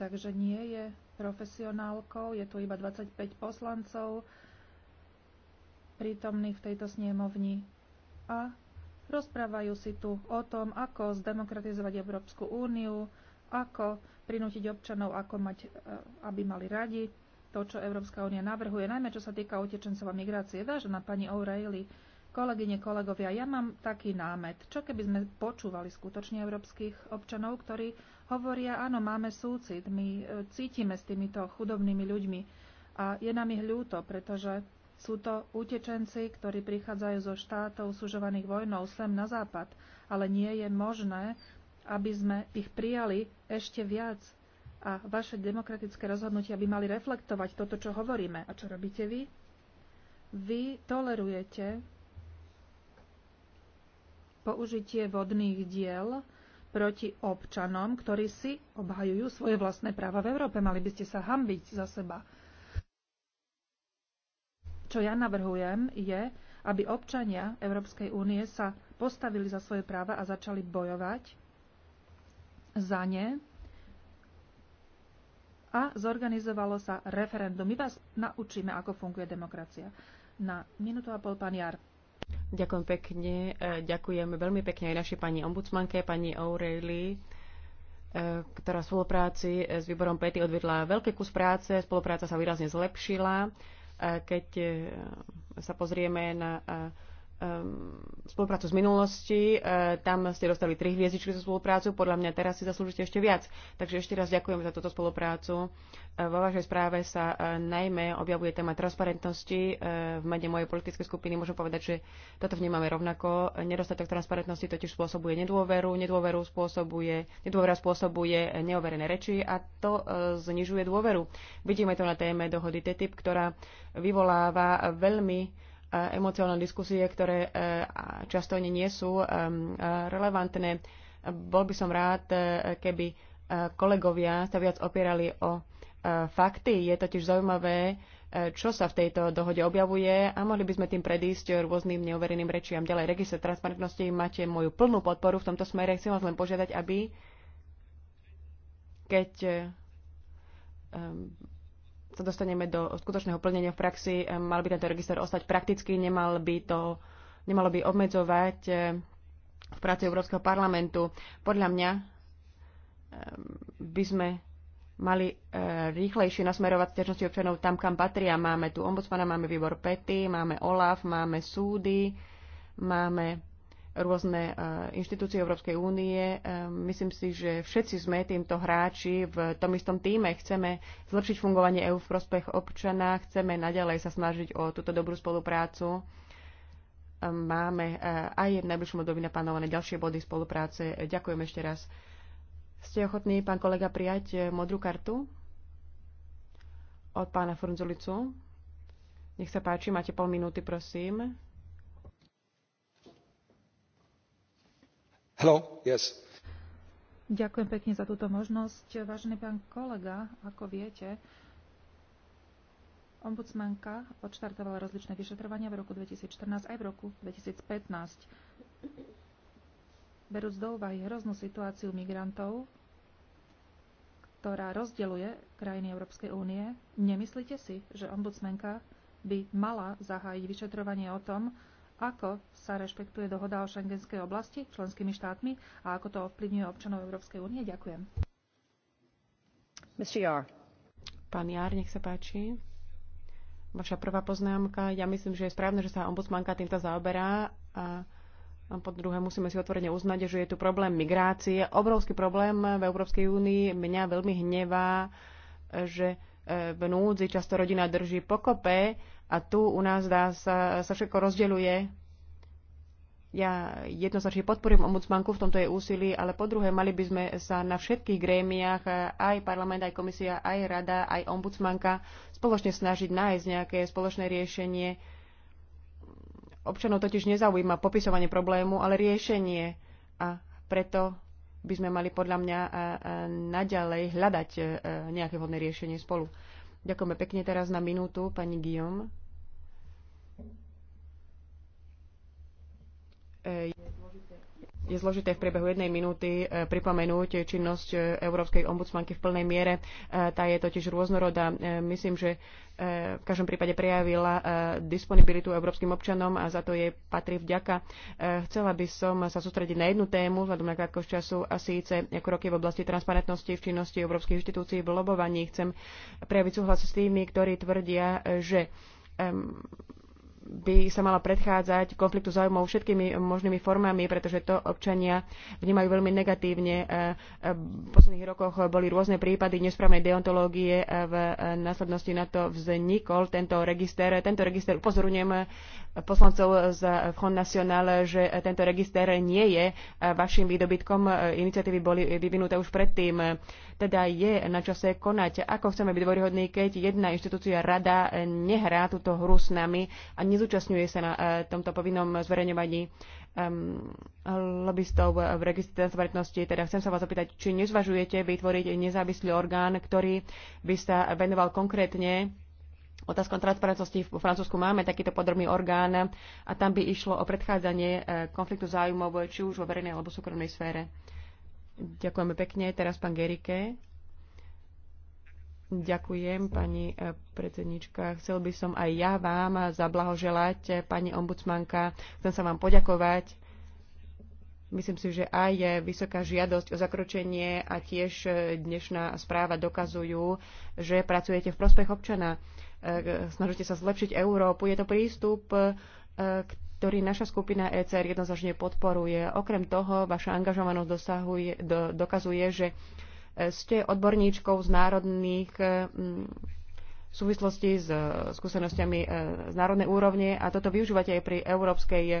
takže nie je profesionálkou, je tu iba 25 poslancov prítomných v tejto snemovni a rozprávajú si tu o tom, ako zdemokratizovať Európsku úniu, ako prinútiť občanov, ako mať, e, aby mali radi to, čo Európska únia navrhuje, najmä čo sa týka utečencov a migrácie. Vážená pani O'Reilly, Kolegyne, kolegovia, ja mám taký námet. Čo keby sme počúvali skutočne európskych občanov, ktorí hovoria, áno, máme súcit, my e, cítime s týmito chudobnými ľuďmi a je nám ich ľúto, pretože sú to utečenci, ktorí prichádzajú zo štátov sužovaných vojnou sem na západ, ale nie je možné, aby sme ich prijali ešte viac. A vaše demokratické rozhodnutia by mali reflektovať toto, čo hovoríme. A čo robíte vy? Vy tolerujete použitie vodných diel proti občanom, ktorí si obhajujú svoje vlastné práva v Európe. Mali by ste sa hambiť za seba. Čo ja navrhujem je, aby občania Európskej únie sa postavili za svoje práva a začali bojovať za ne a zorganizovalo sa referendum. My vás naučíme, ako funguje demokracia. Na minútu a pol, pán Jar. Ďakujem pekne. E, ďakujem veľmi pekne aj našej pani ombudsmanke, pani O'Reilly, e, ktorá v spolupráci s výborom PETI odvedla veľký kus práce. Spolupráca sa výrazne zlepšila. E, keď sa pozrieme na um, spoluprácu z minulosti. Uh, tam ste dostali tri hviezdičky za spoluprácu, podľa mňa teraz si zaslúžite ešte viac. Takže ešte raz ďakujem za túto spoluprácu. Uh, vo vašej správe sa uh, najmä objavuje téma transparentnosti. Uh, v mene mojej politickej skupiny môžem povedať, že toto vnímame rovnako. Nedostatok transparentnosti totiž spôsobuje nedôveru, nedôveru spôsobuje, nedôvera spôsobuje neoverené reči a to uh, znižuje dôveru. Vidíme to na téme dohody TTIP, ktorá vyvoláva veľmi emocionálne diskusie, ktoré e, často ani nie sú e, e, relevantné. Bol by som rád, keby kolegovia sa viac opierali o fakty. Je totiž zaujímavé, čo sa v tejto dohode objavuje a mohli by sme tým predísť rôznym neuvereným rečiam. Ďalej, register transparentnosti, máte moju plnú podporu v tomto smere. Chcem vás len požiadať, aby keď sa dostaneme do skutočného plnenia v praxi, e, mal by tento register ostať prakticky, nemal by to, nemalo by obmedzovať e, v práci Európskeho parlamentu. Podľa mňa e, by sme mali rýchlejšie nasmerovať stiažnosti občanov tam, kam patria. Máme tu ombudsmana, máme výbor PETY, máme OLAF, máme súdy, máme rôzne e, inštitúcie Európskej únie. E, myslím si, že všetci sme týmto hráči v tom istom týme. Chceme zlepšiť fungovanie EÚ v prospech občana, chceme naďalej sa snažiť o túto dobrú spoluprácu. E, máme aj v najbližšom období naplánované ďalšie body spolupráce. Ďakujem ešte raz. Ste ochotní, pán kolega, prijať modrú kartu od pána Frunzulicu? Nech sa páči, máte pol minúty, prosím. Ďakujem pekne za túto možnosť. Vážený pán kolega, ako viete, ombudsmanka odštartovala rozličné vyšetrovania v roku 2014 aj v roku 2015. Berúc do úvahy hroznú situáciu migrantov, ktorá rozdeluje krajiny Európskej únie, nemyslíte si, že ombudsmenka by mala zahájiť vyšetrovanie o tom, ako sa rešpektuje dohoda o šengenskej oblasti členskými štátmi a ako to ovplyvňuje občanov Európskej únie. Ďakujem. Mr. Jar. Pán Jar, nech sa páči. Vaša prvá poznámka. Ja myslím, že je správne, že sa ombudsmanka týmto zaoberá. A a po druhé, musíme si otvorene uznať, že je tu problém migrácie. Obrovský problém v Európskej únii. Mňa veľmi hnevá, že v núdzi, často rodina drží pokope a tu u nás dá sa, sa všetko rozdeľuje. Ja jednoznačne podporím ombudsmanku v tomto jej úsilí, ale po druhé, mali by sme sa na všetkých grémiách, aj parlament, aj komisia, aj rada, aj ombudsmanka, spoločne snažiť nájsť nejaké spoločné riešenie. Občanov totiž nezaujíma popisovanie problému, ale riešenie. A preto by sme mali podľa mňa naďalej hľadať e, nejaké vhodné riešenie spolu. Ďakujeme pekne teraz na minútu, pani Guillaume. E, je zložité v priebehu jednej minúty e, pripomenúť činnosť e, Európskej ombudsmanky v plnej miere. E, tá je totiž rôznorodá. Myslím, že v každom prípade prejavila disponibilitu európskym občanom a za to jej patrí vďaka. Chcela by som sa sústrediť na jednu tému, vzhľadom na krátkosť času, a síce kroky v oblasti transparentnosti v činnosti európskych inštitúcií v lobovaní. Chcem prejaviť súhlas s tými, ktorí tvrdia, že by sa mala predchádzať konfliktu záujmov všetkými možnými formami, pretože to občania vnímajú veľmi negatívne. E, e, v posledných rokoch boli rôzne prípady nesprávnej deontológie. E, v následnosti na to vznikol tento register. Tento register upozorňujem poslancov z Front National, že tento register nie je vašim výdobytkom. Iniciatívy boli vyvinuté už predtým. Teda je na čase konať. Ako chceme byť dôryhodní, keď jedna inštitúcia rada nehrá túto hru s nami a nez nezúčastňuje sa na e, tomto povinnom zverejňovaní ehm, lobbystov v registri transparentnosti. Teda chcem sa vás opýtať, či nezvažujete vytvoriť nezávislý orgán, ktorý by sa venoval konkrétne otázkom transparentnosti v Francúzsku máme takýto podrobný orgán a tam by išlo o predchádzanie e, konfliktu záujmov či už vo verejnej alebo súkromnej sfére. Ďakujeme pekne. Teraz pán Gerike. Ďakujem, pani e, predsednička. Chcel by som aj ja vám zablahoželať, e, pani ombudsmanka. Chcem sa vám poďakovať. Myslím si, že aj vysoká žiadosť o zakročenie a tiež e, dnešná správa dokazujú, že pracujete v prospech občana. Snažíte sa zlepšiť Európu. Je to prístup, ktorý naša skupina ECR jednoznačne podporuje. Okrem toho, vaša angažovanosť dosahuje, do, dokazuje, že ste odborníčkou z národných mm, v súvislosti s e, skúsenostiami e, z národnej úrovne a toto využívate aj pri európskej e,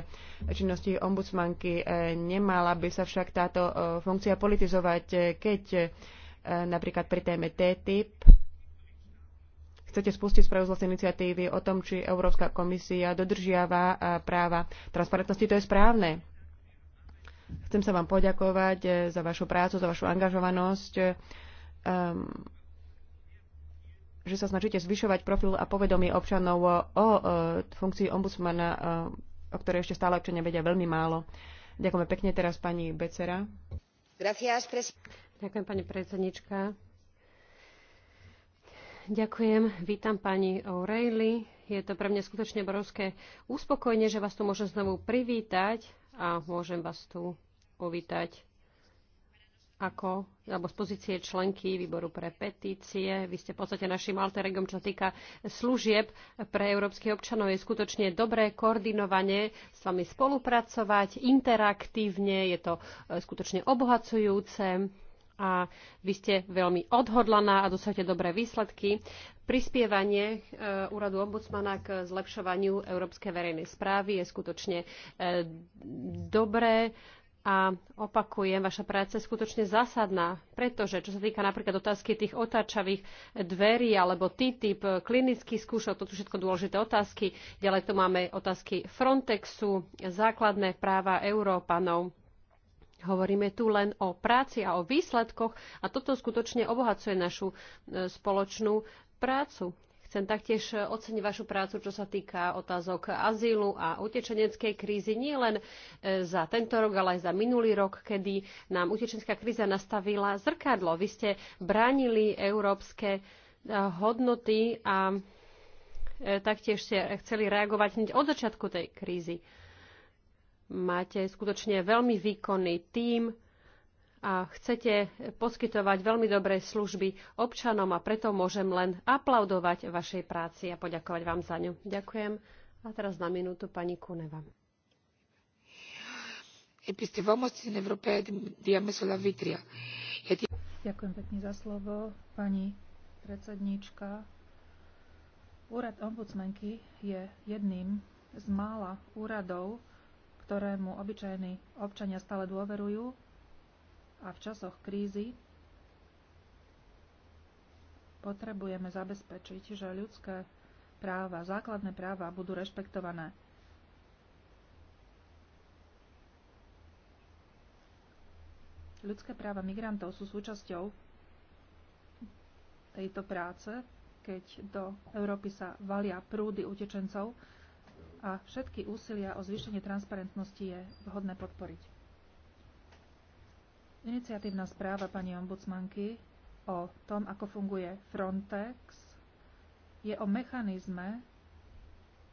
činnosti ombudsmanky. Nemala by sa však táto funkcia politizovať, keď napríklad pri téme TTIP chcete spustiť správu z iniciatívy o tom, či Európska komisia dodržiava práva transparentnosti. To je správne. Chcem sa vám poďakovať eh, za vašu prácu, za vašu angažovanosť, eh, ehm, že sa snažíte zvyšovať profil a povedomie občanov o eh, funkcii ombudsmana, o ktorej ešte stále občania vedia veľmi málo. Ďakujeme pekne teraz pani Becera. Gracias, pres- Ďakujem, pani predsednička. Ďakujem. Vítam pani O'Reilly. Je to pre mňa skutočne obrovské uspokojenie, že vás tu môžem znovu privítať a môžem vás tu uvítať ako, alebo z pozície členky výboru pre petície. Vy ste v podstate našim alteregom, čo týka služieb pre európskych občanov. Je skutočne dobré koordinovanie s vami spolupracovať, interaktívne, je to e, skutočne obohacujúce a vy ste veľmi odhodlaná a dosahujete dobré výsledky. Prispievanie eh, úradu ombudsmana k zlepšovaniu európskej verejnej správy je skutočne eh, dobré a opakujem, vaša práca je skutočne zásadná, pretože čo sa týka napríklad otázky tých otáčavých dverí alebo TTIP, eh, klinických skúšok, to sú všetko dôležité otázky. Ďalej tu máme otázky Frontexu, základné práva Európanov Hovoríme tu len o práci a o výsledkoch a toto skutočne obohacuje našu e, spoločnú prácu. Chcem taktiež e, oceniť vašu prácu, čo sa týka otázok azylu a utečeneckej krízy, nie len e, za tento rok, ale aj za minulý rok, kedy nám utečenská kríza nastavila zrkadlo. Vy ste bránili európske hodnoty a taktiež ste chceli reagovať hneď od začiatku tej krízy máte skutočne veľmi výkonný tím a chcete poskytovať veľmi dobré služby občanom a preto môžem len aplaudovať vašej práci a poďakovať vám za ňu. Ďakujem. A teraz na minútu pani Kuneva. Ďakujem pekne za slovo, pani predsedníčka. Úrad ombudsmanky je jedným z mála úradov, ktorému obyčajní občania stále dôverujú a v časoch krízy potrebujeme zabezpečiť, že ľudské práva, základné práva budú rešpektované. Ľudské práva migrantov sú súčasťou tejto práce, keď do Európy sa valia prúdy utečencov, a všetky úsilia o zvýšenie transparentnosti je vhodné podporiť. Iniciatívna správa pani ombudsmanky o tom, ako funguje Frontex, je o mechanizme,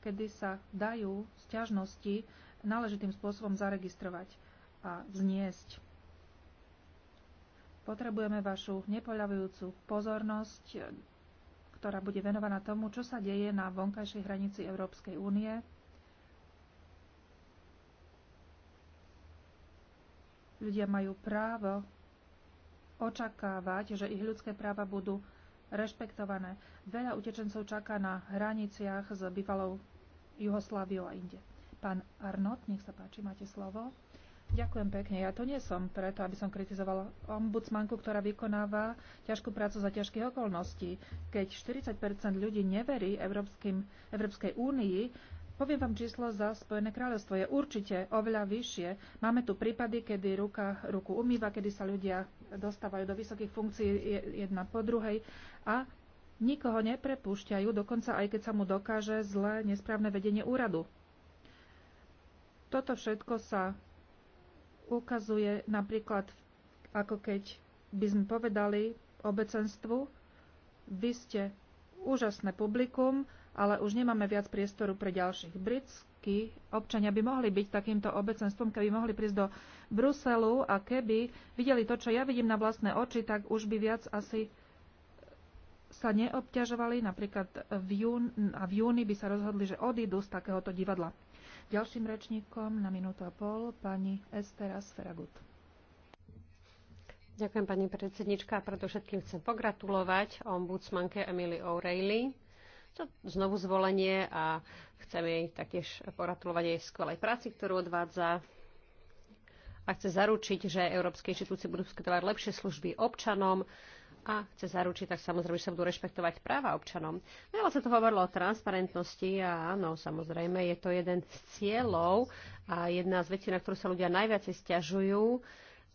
kedy sa dajú sťažnosti náležitým spôsobom zaregistrovať a vzniesť. Potrebujeme vašu nepoľavujúcu pozornosť, ktorá bude venovaná tomu, čo sa deje na vonkajšej hranici Európskej únie Ľudia majú právo očakávať, že ich ľudské práva budú rešpektované. Veľa utečencov čaká na hraniciach s bývalou Jugosláviou a inde. Pán Arnot, nech sa páči, máte slovo. Ďakujem pekne. Ja to nie som preto, aby som kritizovala ombudsmanku, ktorá vykonáva ťažkú prácu za ťažkých okolností. Keď 40 ľudí neverí Európskej únii, Poviem vám číslo za Spojené kráľovstvo. Je určite oveľa vyššie. Máme tu prípady, kedy ruka ruku umýva, kedy sa ľudia dostávajú do vysokých funkcií jedna po druhej a nikoho neprepúšťajú, dokonca aj keď sa mu dokáže zlé, nesprávne vedenie úradu. Toto všetko sa ukazuje napríklad ako keď by sme povedali obecenstvu, vy ste úžasné publikum, ale už nemáme viac priestoru pre ďalších. Britskí občania by mohli byť takýmto obecenstvom, keby mohli prísť do Bruselu a keby videli to, čo ja vidím na vlastné oči, tak už by viac asi sa neobťažovali, napríklad v jún, a v júni by sa rozhodli, že odídu z takéhoto divadla. Ďalším rečníkom na minútu a pol pani Estera Sferagut. Ďakujem pani predsednička a preto všetkým chcem pogratulovať ombudsmanke Emily O'Reilly to znovu zvolenie a chcem jej taktiež pogratulovať jej skvelej práci, ktorú odvádza a chce zaručiť, že európske inštitúcie budú skutovať lepšie služby občanom a chce zaručiť, tak samozrejme, že sa budú rešpektovať práva občanom. Veľa sa to hovorilo o transparentnosti a áno, samozrejme, je to jeden z cieľov a jedna z vecí, na ktorú sa ľudia najviac stiažujú,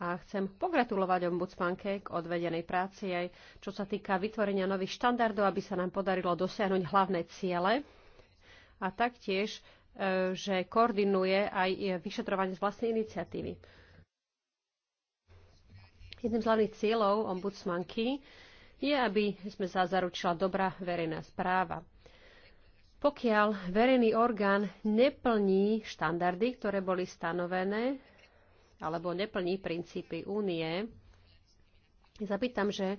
a chcem pogratulovať ombudsmanke k odvedenej práci aj čo sa týka vytvorenia nových štandardov, aby sa nám podarilo dosiahnuť hlavné ciele a taktiež, e, že koordinuje aj vyšetrovanie z vlastnej iniciatívy. Jedným z hlavných cieľov ombudsmanky je, aby sme sa zaručila dobrá verejná správa. Pokiaľ verejný orgán neplní štandardy, ktoré boli stanovené alebo neplní princípy únie. Zapýtam, že e,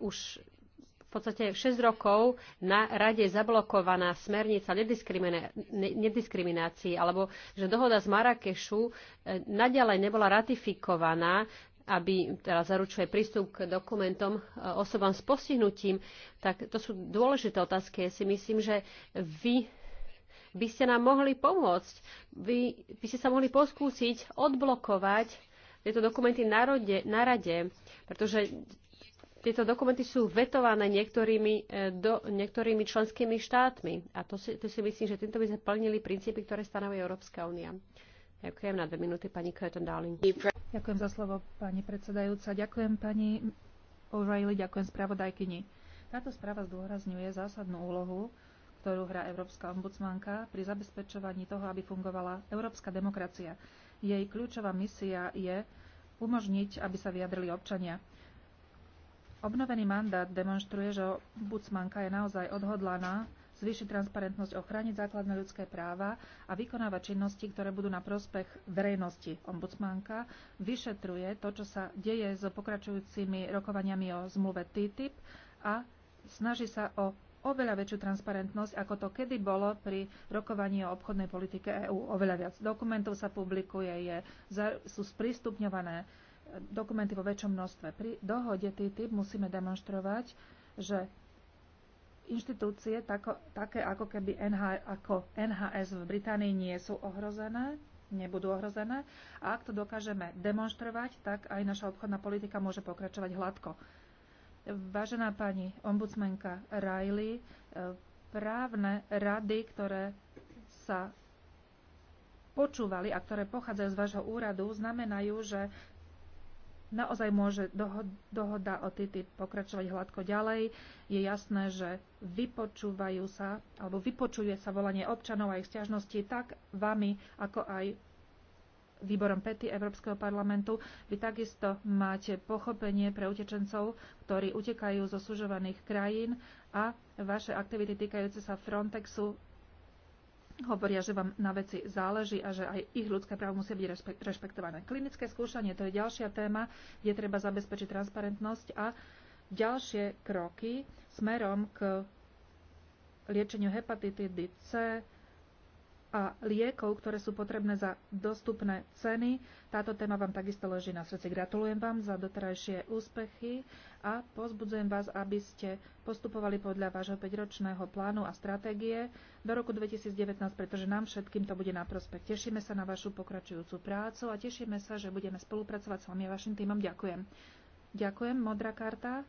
už v podstate 6 rokov na rade zablokovaná smernica nediskriminácii, alebo že dohoda z Marrakešu e, nadalej nebola ratifikovaná, aby teda zaručuje prístup k dokumentom e, osobám s postihnutím, tak to sú dôležité otázky. Ja si myslím, že vy by ste nám mohli pomôcť. Vy by ste sa mohli poskúsiť odblokovať tieto dokumenty na, rode, na rade, pretože tieto dokumenty sú vetované niektorými, e, do, niektorými členskými štátmi. A to si, to si myslím, že týmto by sme plnili princípy, ktoré stanovuje Európska únia. Ďakujem na dve minúty pani Curtin Darling. Ďakujem za slovo, pani predsedajúca. Ďakujem pani O'Reilly, ďakujem spravodajkyni. Táto správa zdôrazňuje zásadnú úlohu, ktorú hrá Európska ombudsmanka pri zabezpečovaní toho, aby fungovala európska demokracia. Jej kľúčová misia je umožniť, aby sa vyjadrili občania. Obnovený mandát demonstruje, že ombudsmanka je naozaj odhodlaná zvýšiť transparentnosť, ochrániť základné ľudské práva a vykonávať činnosti, ktoré budú na prospech verejnosti. Ombudsmanka vyšetruje to, čo sa deje s pokračujúcimi rokovaniami o zmluve TTIP a snaží sa o oveľa väčšiu transparentnosť, ako to kedy bolo pri rokovaní o obchodnej politike EÚ. Oveľa viac dokumentov sa publikuje, je, sú sprístupňované e, dokumenty vo väčšom množstve. Pri dohode TTIP musíme demonstrovať, že inštitúcie tako, také ako keby NH, ako NHS v Británii nie sú ohrozené, nebudú ohrozené. A ak to dokážeme demonstrovať, tak aj naša obchodná politika môže pokračovať hladko. Vážená pani ombudsmenka Riley, e, právne rady, ktoré sa počúvali a ktoré pochádzajú z vášho úradu, znamenajú, že naozaj môže dohoda o TTIP pokračovať hladko ďalej. Je jasné, že vypočúvajú sa, alebo vypočuje sa volanie občanov a ich stiažnosti tak vami, ako aj výborom PETI Európskeho parlamentu. Vy takisto máte pochopenie pre utečencov, ktorí utekajú zo sužovaných krajín a vaše aktivity týkajúce sa Frontexu hovoria, že vám na veci záleží a že aj ich ľudské právo musia byť rešpektované. Klinické skúšanie to je ďalšia téma, kde treba zabezpečiť transparentnosť a ďalšie kroky smerom k liečeniu hepatitidy C, a liekov, ktoré sú potrebné za dostupné ceny. Táto téma vám takisto leží na srdci. Gratulujem vám za doterajšie úspechy a pozbudzujem vás, aby ste postupovali podľa vášho 5-ročného plánu a stratégie do roku 2019, pretože nám všetkým to bude na prospech. Tešíme sa na vašu pokračujúcu prácu a tešíme sa, že budeme spolupracovať s vami a vašim týmom. Ďakujem. Ďakujem. Modrá karta.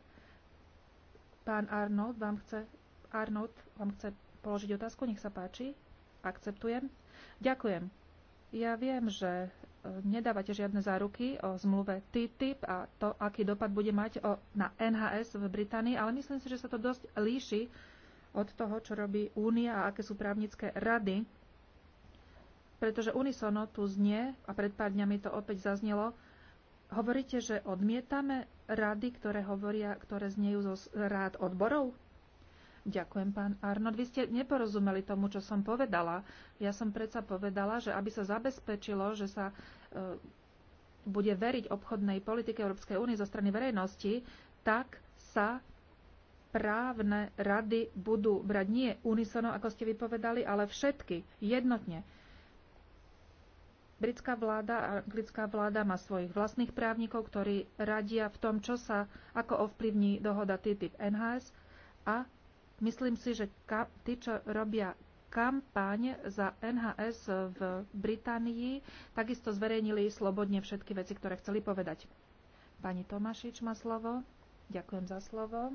Pán Arnold vám chce, Arnold vám chce položiť otázku. Nech sa páči akceptujem. Ďakujem. Ja viem, že e, nedávate žiadne záruky o zmluve TTIP a to, aký dopad bude mať o, na NHS v Británii, ale myslím si, že sa to dosť líši od toho, čo robí Únia a aké sú právnické rady, pretože unisono tu znie, a pred pár dňami to opäť zaznelo, hovoríte, že odmietame rady, ktoré, hovoria, ktoré zniejú zo rád odborov? Ďakujem, pán Arnold. Vy ste neporozumeli tomu, čo som povedala. Ja som predsa povedala, že aby sa zabezpečilo, že sa e, bude veriť obchodnej politike Európskej únie zo strany verejnosti, tak sa právne rady budú brať nie unisono, ako ste vypovedali, ale všetky jednotne. Britská vláda a anglická vláda má svojich vlastných právnikov, ktorí radia v tom, čo sa, ako ovplyvní dohoda TTIP-NHS a Myslím si, že tí, čo robia kampaň za NHS v Británii, takisto zverejnili slobodne všetky veci, ktoré chceli povedať. Pani Tomášič má slovo. Ďakujem za slovo.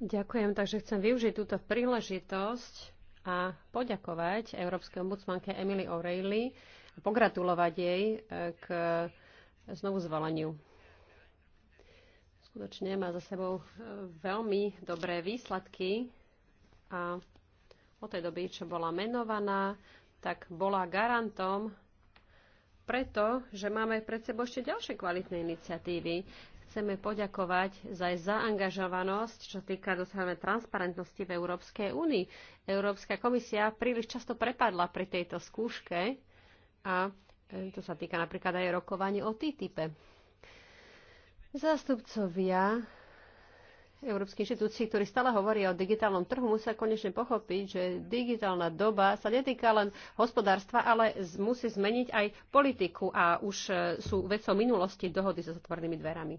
Ďakujem, takže chcem využiť túto príležitosť a poďakovať Európskej ombudsmanke Emily O'Reilly a pogratulovať jej eh, k znovu zvoleniu skutočne má za sebou e, veľmi dobré výsledky a od tej doby, čo bola menovaná, tak bola garantom preto, že máme pred sebou ešte ďalšie kvalitné iniciatívy. Chceme poďakovať za aj zaangažovanosť, čo týka dosahujeme transparentnosti v Európskej únii. Európska komisia príliš často prepadla pri tejto skúške a e, to sa týka napríklad aj rokovanie o TTIP. Zástupcovia európskych inštitúcií, ktorí stále hovoria o digitálnom trhu, musia konečne pochopiť, že digitálna doba sa netýka len hospodárstva, ale musí zmeniť aj politiku a už e, sú vecou minulosti dohody so zatvornými dverami.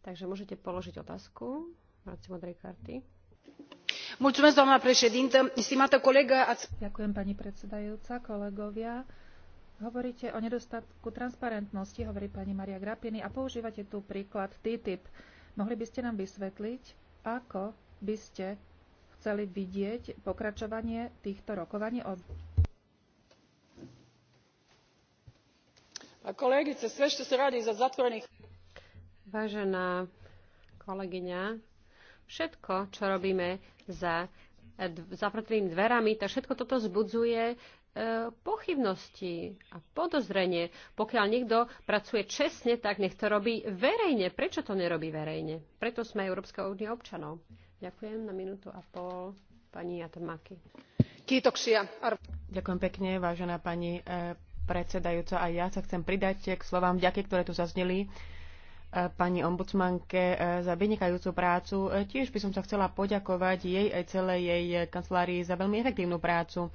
Takže môžete položiť otázku v rámci modrej karty. Ďakujem, pani predsedajúca, kolegovia Hovoríte o nedostatku transparentnosti, hovorí pani Maria Grapiny, a používate tu príklad TTIP. Mohli by ste nám vysvetliť, ako by ste chceli vidieť pokračovanie týchto rokovaní o A kolegice, sve što se radi za zatvorených... Vážená kolegyňa, všetko, čo robíme za zavretými dverami, tak všetko toto zbudzuje E, pochybnosti a podozrenie. Pokiaľ niekto pracuje čestne, tak nech to robí verejne. Prečo to nerobí verejne? Preto sme Európska únia občanov. Ďakujem na minútu a pol pani Jatomaki. Kiitoksia. Ďakujem pekne, vážená pani e, predsedajúca. A ja sa chcem pridať k slovám vďaky, ktoré tu zazneli e, pani ombudsmanke za vynikajúcu prácu. Tiež by som sa chcela poďakovať jej aj celej jej kancelárii za veľmi efektívnu prácu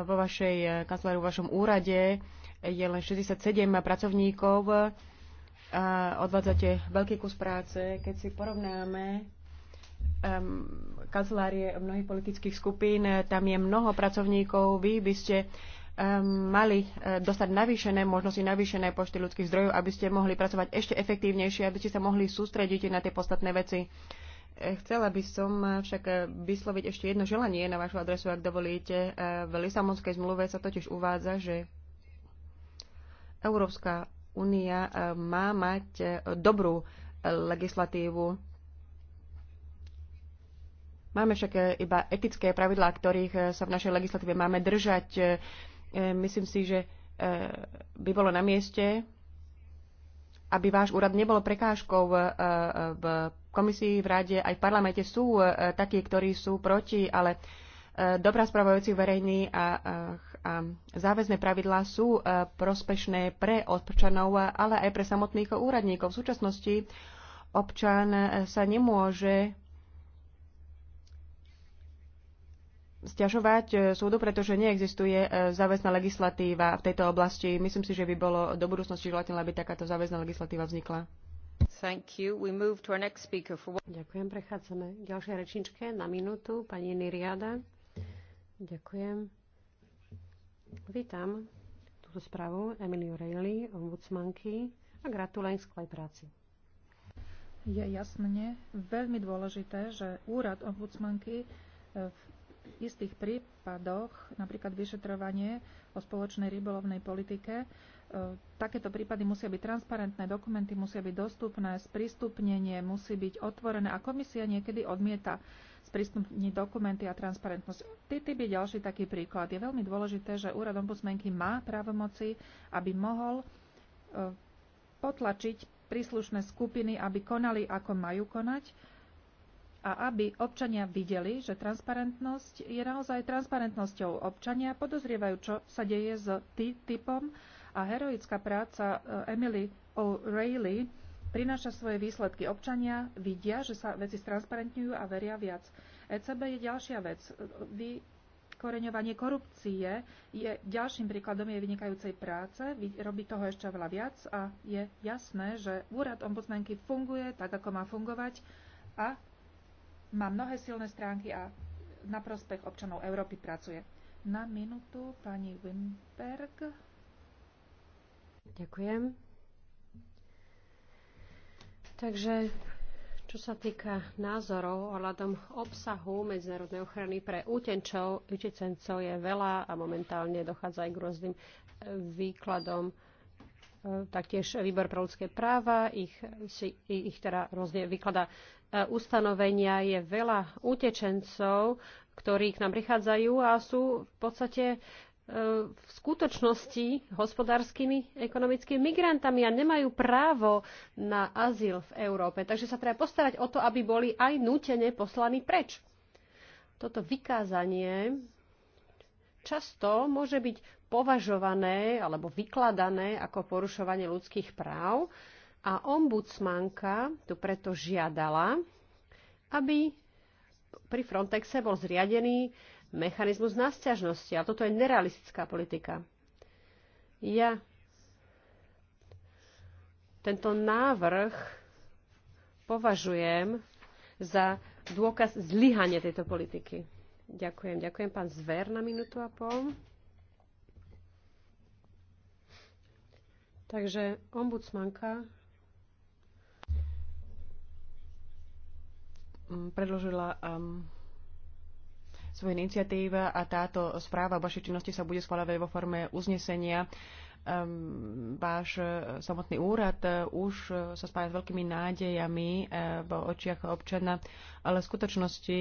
vo vašej e, kancelárii, vo vašom úrade je len 67 pracovníkov a e, odvádzate veľký kus práce. Keď si porovnáme um, kancelárie mnohých politických skupín, tam je mnoho pracovníkov, vy by ste um, mali e, dostať navýšené možnosti, navýšené počty ľudských zdrojov, aby ste mohli pracovať ešte efektívnejšie, aby ste sa mohli sústrediť na tie podstatné veci. Chcela by som však vysloviť ešte jedno želanie na vašu adresu, ak dovolíte. V Lisabonskej zmluve sa totiž uvádza, že Európska únia eh, má mať eh, dobrú eh, legislatívu. Máme však iba etické pravidlá, ktorých sa v našej legislatíve máme držať. Myslím si, že by bolo na mieste, aby váš úrad nebol prekážkou v komisii, v rade, aj v parlamente sú e, takí, ktorí sú proti, ale e, dobrá spravujúci verejný a, a záväzné pravidlá sú e, prospešné pre občanov, ale aj pre samotných úradníkov. V súčasnosti občan sa nemôže stiažovať súdu, pretože neexistuje záväzná legislatíva v tejto oblasti. Myslím si, že by bolo do budúcnosti želateľné, aby takáto záväzná legislatíva vznikla. Ďakujem, prechádzame k ďalšej rečničke na minútu, pani Niriada. Ďakujem. Vítam túto správu Emily O'Reilly, ombudsmanky a gratulujem skvelej práci. Je jasne veľmi dôležité, že úrad ombudsmanky e, v istých prípadoch, napríklad vyšetrovanie o spoločnej rybolovnej politike, E, takéto prípady musia byť transparentné, dokumenty musia byť dostupné, sprístupnenie musí byť otvorené a komisia niekedy odmieta sprístupniť dokumenty a transparentnosť. TTIP je ďalší taký príklad. Je veľmi dôležité, že úrad ombudsmenky má právomoci, aby mohol e, potlačiť príslušné skupiny, aby konali, ako majú konať a aby občania videli, že transparentnosť je naozaj transparentnosťou. Občania podozrievajú, čo sa deje s tým typom a heroická práca eh, Emily O'Reilly prináša svoje výsledky. Občania vidia, že sa veci stransparentňujú a veria viac. ECB je ďalšia vec. Vykoreňovanie korupcie je ďalším príkladom jej vynikajúcej práce. Robí toho ešte veľa viac a je jasné, že úrad ombudsmenky funguje tak, ako má fungovať a má mnohé silné stránky a na prospech občanov Európy pracuje. Na minútu pani Wimberg. Ďakujem. Takže čo sa týka názorov ohľadom obsahu medzinárodnej ochrany pre útenčov, utečencov je veľa a momentálne dochádza aj k rôznym e, výkladom. E, taktiež výbor pre ľudské práva ich, si, ich teda rôzne vykladá e, ustanovenia. Je veľa utečencov, ktorí k nám prichádzajú a sú v podstate E, v skutočnosti hospodárskymi ekonomickými migrantami a nemajú právo na azyl v Európe. Takže sa treba postarať o to, aby boli aj nútene poslaní preč. Toto vykázanie často môže byť považované alebo vykladané ako porušovanie ľudských práv a ombudsmanka tu preto žiadala, aby pri Frontexe bol zriadený mechanizmus sťažnosti, A toto je nerealistická politika. Ja tento návrh považujem za dôkaz zlyhania tejto politiky. Ďakujem. Ďakujem pán Zver na minútu a pol. Takže ombudsmanka predložila um, svoje iniciatíva a táto správa o vašej činnosti sa bude schváľovať vo forme uznesenia. Ehm, váš e, samotný úrad e, už e, sa spája s veľkými nádejami v očiach občana, ale v skutočnosti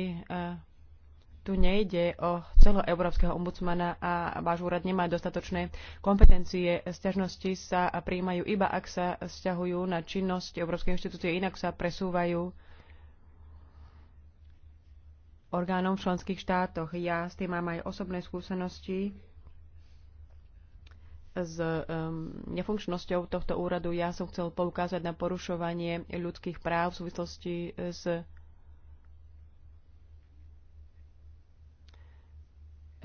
tu nejde o celoeurópskeho ombudsmana a váš úrad nemá dostatočné kompetencie. Sťažnosti sa príjmajú iba, ak sa sťahujú na činnosť Európskej inštitúcie, inak sa presúvajú orgánom v členských štátoch. Ja s tým mám aj osobné skúsenosti s um, nefunkčnosťou tohto úradu. Ja som chcel poukázať na porušovanie ľudských práv v súvislosti s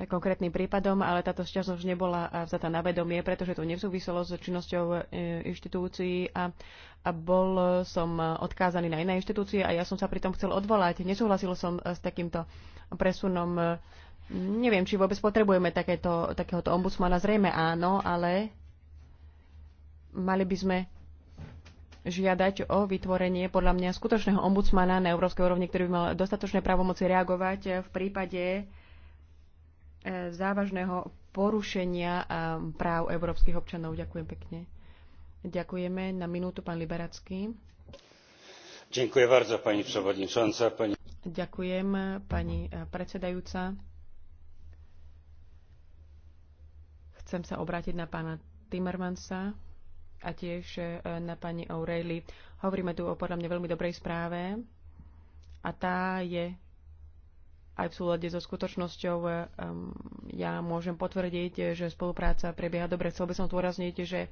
konkrétnym prípadom, ale táto sťažnosť nebola eh, vzata na vedomie, pretože to nesúviselo s činnosťou eh, inštitúcií a, a bol som odkázaný na iné inštitúcie a ja som sa pritom chcel odvolať. Nesúhlasil som eh, s takýmto presunom. Neviem, či vôbec potrebujeme takéto, takéhoto ombudsmana. Zrejme áno, ale mali by sme žiadať o vytvorenie podľa mňa skutočného ombudsmana na európskej úrovni, ktorý by mal dostatočné právomoci reagovať v prípade E, závažného porušenia e, práv európskych občanov. Ďakujem pekne. Ďakujeme. Na minútu pán Liberacký. Ďakujem bardzo, pani przewodnicząca. Pani... Ďakujem, pani e, predsedajúca. Chcem sa obrátiť na pána Timmermansa a tiež na pani O'Reilly. Hovoríme tu o podľa mňa veľmi dobrej správe a tá je aj v súlade so skutočnosťou e, ja môžem potvrdiť, že spolupráca prebieha dobre. Chcel by som zdôrazniť, že e,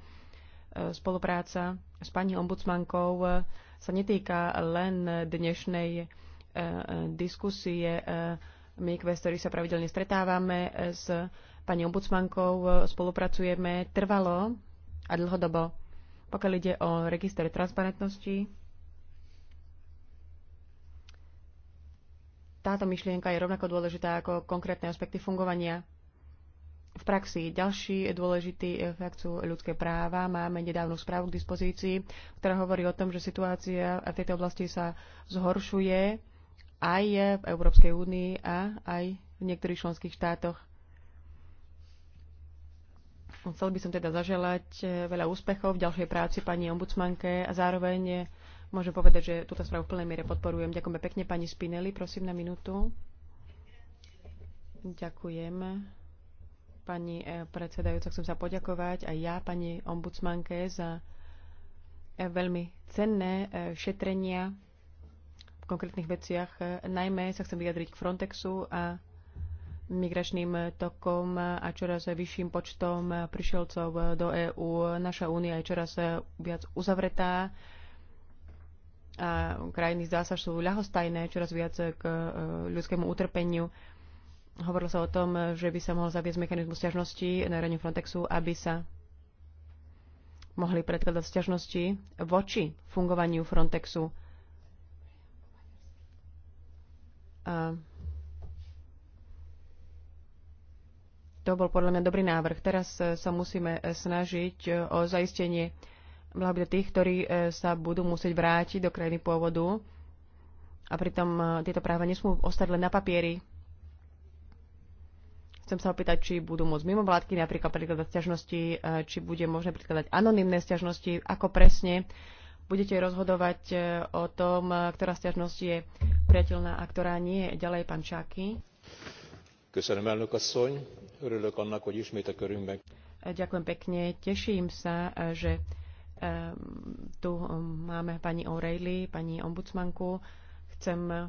spolupráca s pani ombudsmankou e, sa netýka len dnešnej diskusie. My, kvestori, sa pravidelne stretávame s pani ombudsmankou, spolupracujeme trvalo a dlhodobo. Pokiaľ ide o register transparentnosti, táto myšlienka je rovnako dôležitá ako konkrétne aspekty fungovania v praxi ďalší dôležitý fakt sú ľudské práva. Máme nedávnu správu k dispozícii, ktorá hovorí o tom, že situácia v tejto oblasti sa zhoršuje aj v Európskej únii a aj v niektorých členských štátoch. Chcel by som teda zaželať veľa úspechov v ďalšej práci pani ombudsmanke a zároveň Môžem povedať, že túto správu v plnej miere podporujem. Ďakujeme pekne pani Spinelli. Prosím na minútu. Ďakujem. Pani e, predsedajúca, chcem sa poďakovať aj ja, pani ombudsmanke, za e, veľmi cenné e, šetrenia v konkrétnych veciach. Najmä sa chcem vyjadriť k Frontexu a migračným tokom a čoraz vyšším počtom prišielcov do EÚ. Naša únia je čoraz viac uzavretá a krajiny zdá sa, sú ľahostajné čoraz viac k e, ľudskému utrpeniu. Hovorilo sa o tom, že by sa mohol zaviesť mechanizmus sťažnosti na rane Frontexu, aby sa mohli predkladať sťažnosti voči fungovaniu Frontexu. A to bol podľa mňa dobrý návrh. Teraz sa musíme snažiť o zaistenie blahobyt tých, ktorí e, sa budú musieť vrátiť do krajiny pôvodu a pritom e, tieto práva nesmú ostať len na papieri. Chcem sa opýtať, či budú môcť mimo vládky napríklad prikladať sťažnosti, e, či bude možné prikladať anonimné sťažnosti, ako presne budete rozhodovať o tom, ktorá sťažnosť je priateľná a ktorá nie. Ďalej pán Čáky. Ďakujem pekne. Teším sa, že Ehm, tu ehm, máme pani O'Reilly, pani ombudsmanku. Chcem ehm,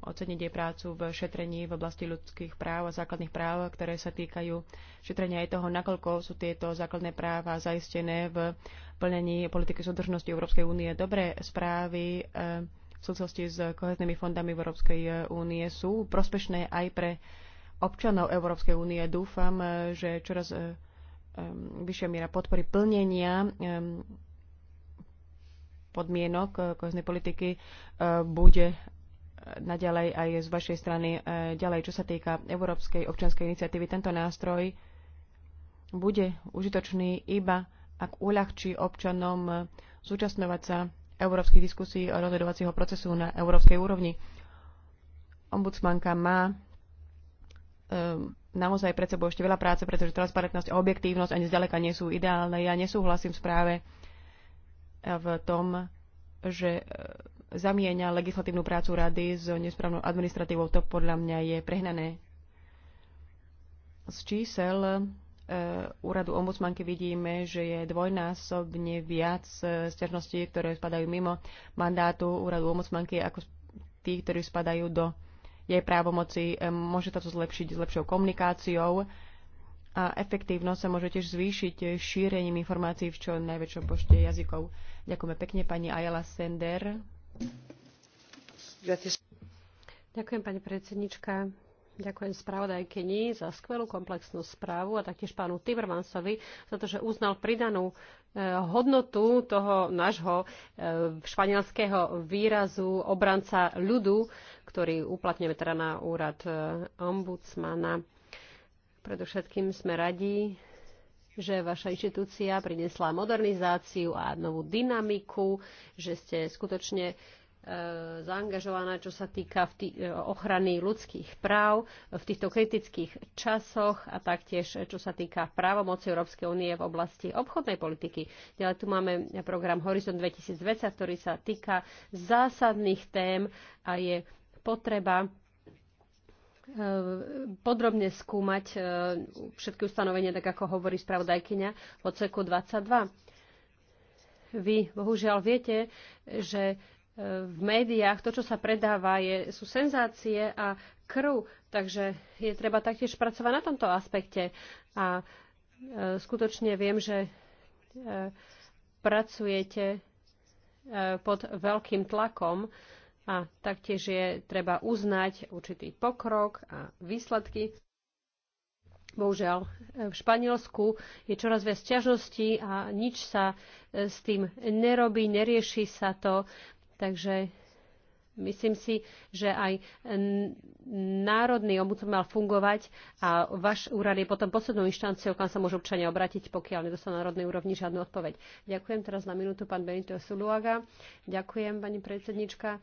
oceniť jej prácu v šetrení v oblasti ľudských práv a základných práv, ktoré sa týkajú šetrenia aj toho, nakoľko sú tieto základné práva zaistené v plnení politiky súdržnosti Európskej únie. Dobré správy v súcosti s koheznými fondami v Európskej e, únie sú prospešné aj pre občanov Európskej únie. Dúfam, e, že čoraz e, vyššia miera podpory plnenia podmienok eh, koznej politiky eh, bude naďalej aj z vašej strany eh, ďalej, čo sa týka Európskej občianskej iniciatívy. Tento nástroj bude užitočný iba, ak uľahčí občanom zúčastňovať sa európskych diskusí o rozhodovacieho procesu na európskej úrovni. Ombudsmanka má Ehm, naozaj pred sebou ešte veľa práce, pretože transparentnosť a objektívnosť ani zďaleka nie sú ideálne. Ja nesúhlasím správe eh, v tom, že eh, zamieňa legislatívnu prácu rady s nesprávnou administratívou. To podľa mňa je prehnané. Z čísel eh, úradu ombudsmanky vidíme, že je dvojnásobne viac stiažností, ktoré spadajú mimo mandátu úradu ombudsmanky ako tí, ktorí spadajú do jej právomoci. E, môže sa to zlepšiť s lepšou komunikáciou a efektívnosť sa môže tiež zvýšiť šírením informácií v čo najväčšom počte jazykov. Ďakujeme pekne pani Ayala Sender. Ďakujem pani predsednička. Ďakujem spravodajkyni za skvelú komplexnú správu a taktiež pánu Timmermansovi za to, že uznal pridanú e, hodnotu toho nášho e, španielského výrazu obranca ľudu, ktorý uplatňujeme teda na úrad e, ombudsmana. Predovšetkým sme radi, že vaša inštitúcia priniesla modernizáciu a novú dynamiku, že ste skutočne E, zaangažovaná, čo sa týka v tý, e, ochrany ľudských práv v týchto kritických časoch a taktiež, čo sa týka právomoci Európskej únie v oblasti obchodnej politiky. Ďalej tu máme program Horizon 2020, ktorý sa týka zásadných tém a je potreba e, podrobne skúmať všetky ustanovenia, tak ako hovorí spravodajkyňa v odseku 22 vy bohužiaľ viete, že v médiách, to, čo sa predáva, je, sú senzácie a krv, takže je treba taktiež pracovať na tomto aspekte. A e, skutočne viem, že e, pracujete e, pod veľkým tlakom a taktiež je treba uznať určitý pokrok a výsledky. Bohužiaľ, v Španielsku je čoraz viac ťažností a nič sa e, s tým nerobí, nerieši sa to. Takže myslím si, že aj národný ombudsman mal fungovať a váš úrad je potom poslednou inštanciou, kam sa môžu občania obrátiť, pokiaľ nedostanú na národnej úrovni žiadnu odpoveď. Ďakujem teraz na minútu pán Benito Suluaga. Ďakujem, pani predsednička. E,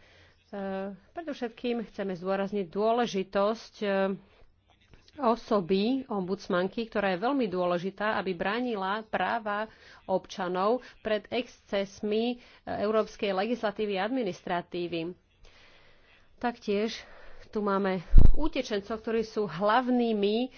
predovšetkým chceme zdôrazniť dôležitosť e, osoby ombudsmanky, ktorá je veľmi dôležitá, aby bránila práva občanov pred excesmi e, európskej legislatívy a administratívy. Taktiež tu máme utečencov, ktorí sú hlavnými e,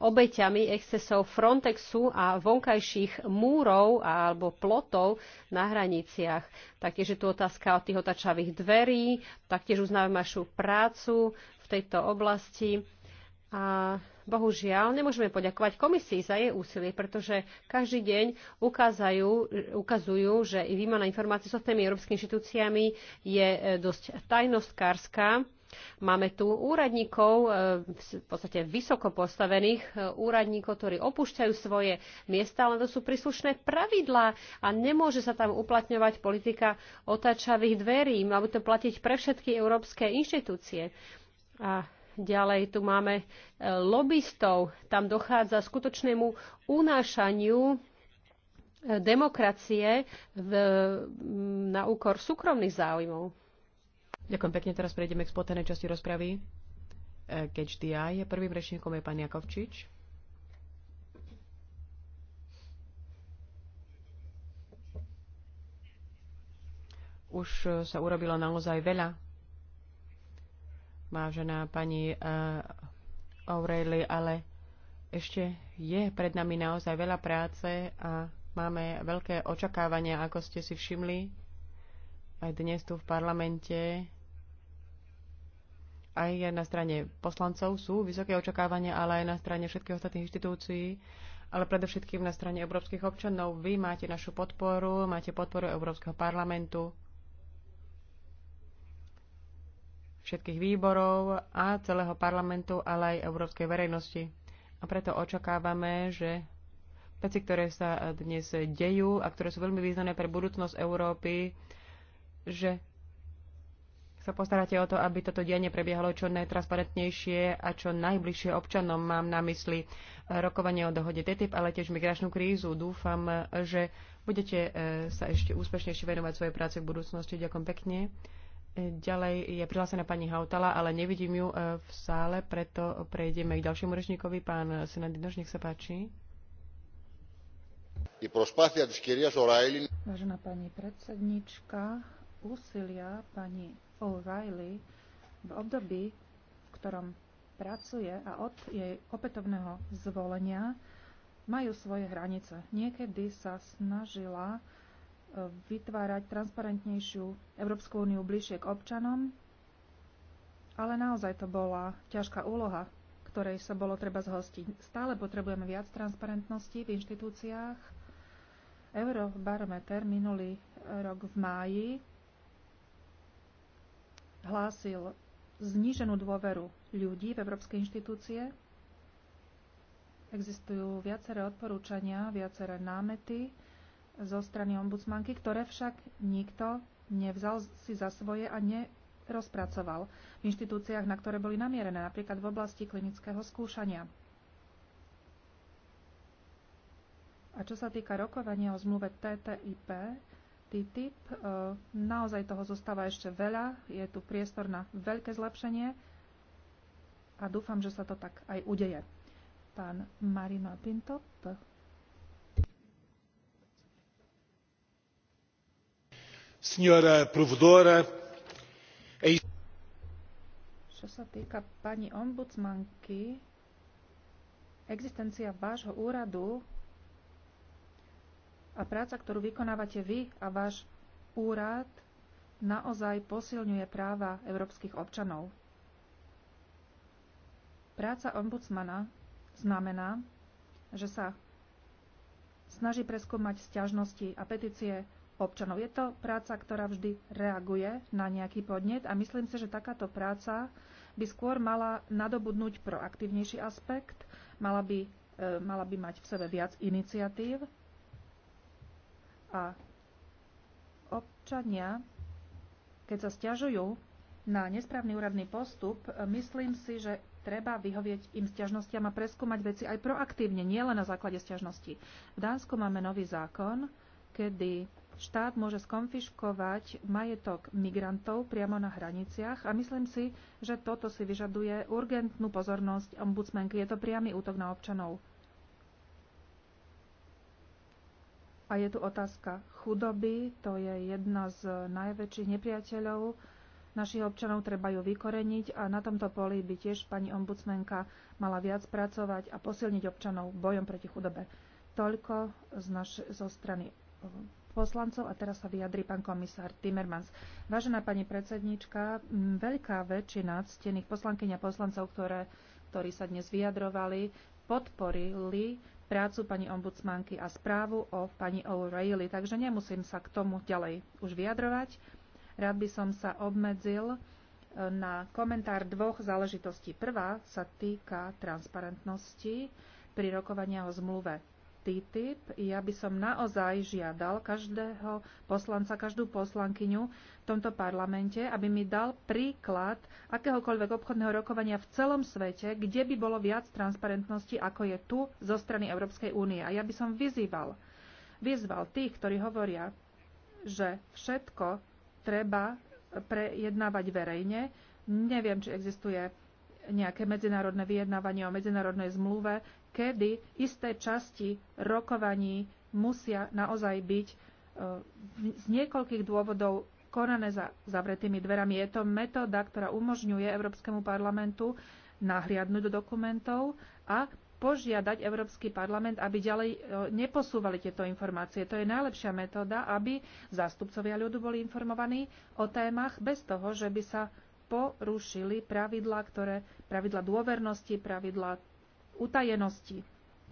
obeťami excesov Frontexu a vonkajších múrov alebo plotov na hraniciach. Taktiež je tu otázka o tých otačavých dverí, taktiež uznávame našu prácu v tejto oblasti a bohužiaľ nemôžeme poďakovať komisii za jej úsilie, pretože každý deň ukazajú, ukazujú, že i výmena informácií s tými európskymi inštitúciami je e, dosť tajnostkárska. Máme tu úradníkov, e, v podstate vysoko postavených e, úradníkov, ktorí opúšťajú svoje miesta, ale to sú príslušné pravidlá a nemôže sa tam uplatňovať politika otáčavých dverí. Má to platiť pre všetky európske inštitúcie. A Ďalej tu máme e, lobbystov. Tam dochádza skutočnému unášaniu e, demokracie v, na úkor súkromných záujmov. Ďakujem pekne. Teraz prejdeme k spotenej časti rozpravy. E, Catch the je Prvým rečníkom je pán Jakovčič. Už sa urobilo naozaj veľa vážená pani eh, O'Reilly, ale ešte je pred nami naozaj veľa práce a máme veľké očakávania, ako ste si všimli aj dnes tu v parlamente. Aj na strane poslancov sú vysoké očakávania, ale aj na strane všetkých ostatných inštitúcií, ale predovšetkým na strane európskych občanov. Vy máte našu podporu, máte podporu Európskeho parlamentu všetkých výborov a celého parlamentu, ale aj európskej verejnosti. A preto očakávame, že veci, ktoré sa dnes dejú a ktoré sú veľmi významné pre budúcnosť Európy, že sa postaráte o to, aby toto dianie prebiehalo čo najtransparentnejšie a čo najbližšie občanom. Mám na mysli rokovanie o dohode TTIP, ale tiež migračnú krízu. Dúfam, že budete eh, sa ešte úspešnejšie venovať svojej práci v budúcnosti. Ďakujem pekne. Ďalej je prihlásená pani Hautala, ale nevidím ju e, v sále, preto prejdeme k ďalšiemu rečníkovi. Pán Senadinoš, nech sa páči. Vážená pani predsednička, úsilia pani O'Reilly v období, v ktorom pracuje a od jej opätovného zvolenia majú svoje hranice. Niekedy sa snažila vytvárať transparentnejšiu Európsku úniu bližšie k občanom, ale naozaj to bola ťažká úloha, ktorej sa bolo treba zhostiť. Stále potrebujeme viac transparentnosti v inštitúciách. Eurobarometer minulý rok v máji hlásil zníženú dôveru ľudí v európske inštitúcie. Existujú viaceré odporúčania, viaceré námety, zo strany ombudsmanky, ktoré však nikto nevzal si za svoje a nerozpracoval v inštitúciách, na ktoré boli namierené, napríklad v oblasti klinického skúšania. A čo sa týka rokovania o zmluve TTIP, TTIP, e, naozaj toho zostáva ešte veľa, je tu priestor na veľké zlepšenie a dúfam, že sa to tak aj udeje. Pán Marino Pintop? Čo sa týka pani ombudsmanky, existencia vášho úradu a práca, ktorú vykonávate vy a váš úrad, naozaj posilňuje práva európskych občanov. Práca ombudsmana znamená, že sa snaží preskúmať sťažnosti a petície občanov. Je to práca, ktorá vždy reaguje na nejaký podnet a myslím si, že takáto práca by skôr mala nadobudnúť proaktívnejší aspekt, mala by, e, mala by mať v sebe viac iniciatív a občania, keď sa stiažujú na nesprávny úradný postup, e, myslím si, že treba vyhovieť im stiažnostiam a preskúmať veci aj proaktívne, nielen na základe stiažnosti. V Dánsku máme nový zákon, kedy štát môže skonfiškovať majetok migrantov priamo na hraniciach a myslím si, že toto si vyžaduje urgentnú pozornosť ombudsmenky. Je to priamy útok na občanov. A je tu otázka chudoby, to je jedna z najväčších nepriateľov našich občanov, treba ju vykoreniť a na tomto poli by tiež pani ombudsmenka mala viac pracovať a posilniť občanov bojom proti chudobe. Toľko z naš- zo strany eh, poslancov a teraz sa vyjadrí pán komisár Timmermans. Vážená pani predsedníčka, veľká väčšina ctených poslankyň a poslancov, ktoré, ktorí sa dnes vyjadrovali, podporili prácu pani ombudsmanky a správu o pani O'Reilly, takže nemusím sa k tomu ďalej už vyjadrovať. Rád by som sa obmedzil e, na komentár dvoch záležitostí. Prvá sa týka transparentnosti pri rokovania o zmluve TTIP, ja by som naozaj žiadal každého poslanca, každú poslankyňu v tomto parlamente, aby mi dal príklad akéhokoľvek obchodného rokovania v celom svete, kde by bolo viac transparentnosti, ako je tu zo strany Európskej únie. A ja by som vyzýval, vyzval tých, ktorí hovoria, že všetko treba prejednávať verejne. Neviem, či existuje nejaké medzinárodné vyjednávanie o medzinárodnej zmluve, kedy isté časti rokovaní musia naozaj byť e, z niekoľkých dôvodov konané za zavretými dverami. Je to metóda, ktorá umožňuje Európskemu parlamentu nahliadnúť do dokumentov a požiadať Európsky parlament, aby ďalej e, neposúvali tieto informácie. To je najlepšia metóda, aby zástupcovia ľudu boli informovaní o témach bez toho, že by sa porušili pravidla, ktoré, pravidla dôvernosti, pravidla utajenosti,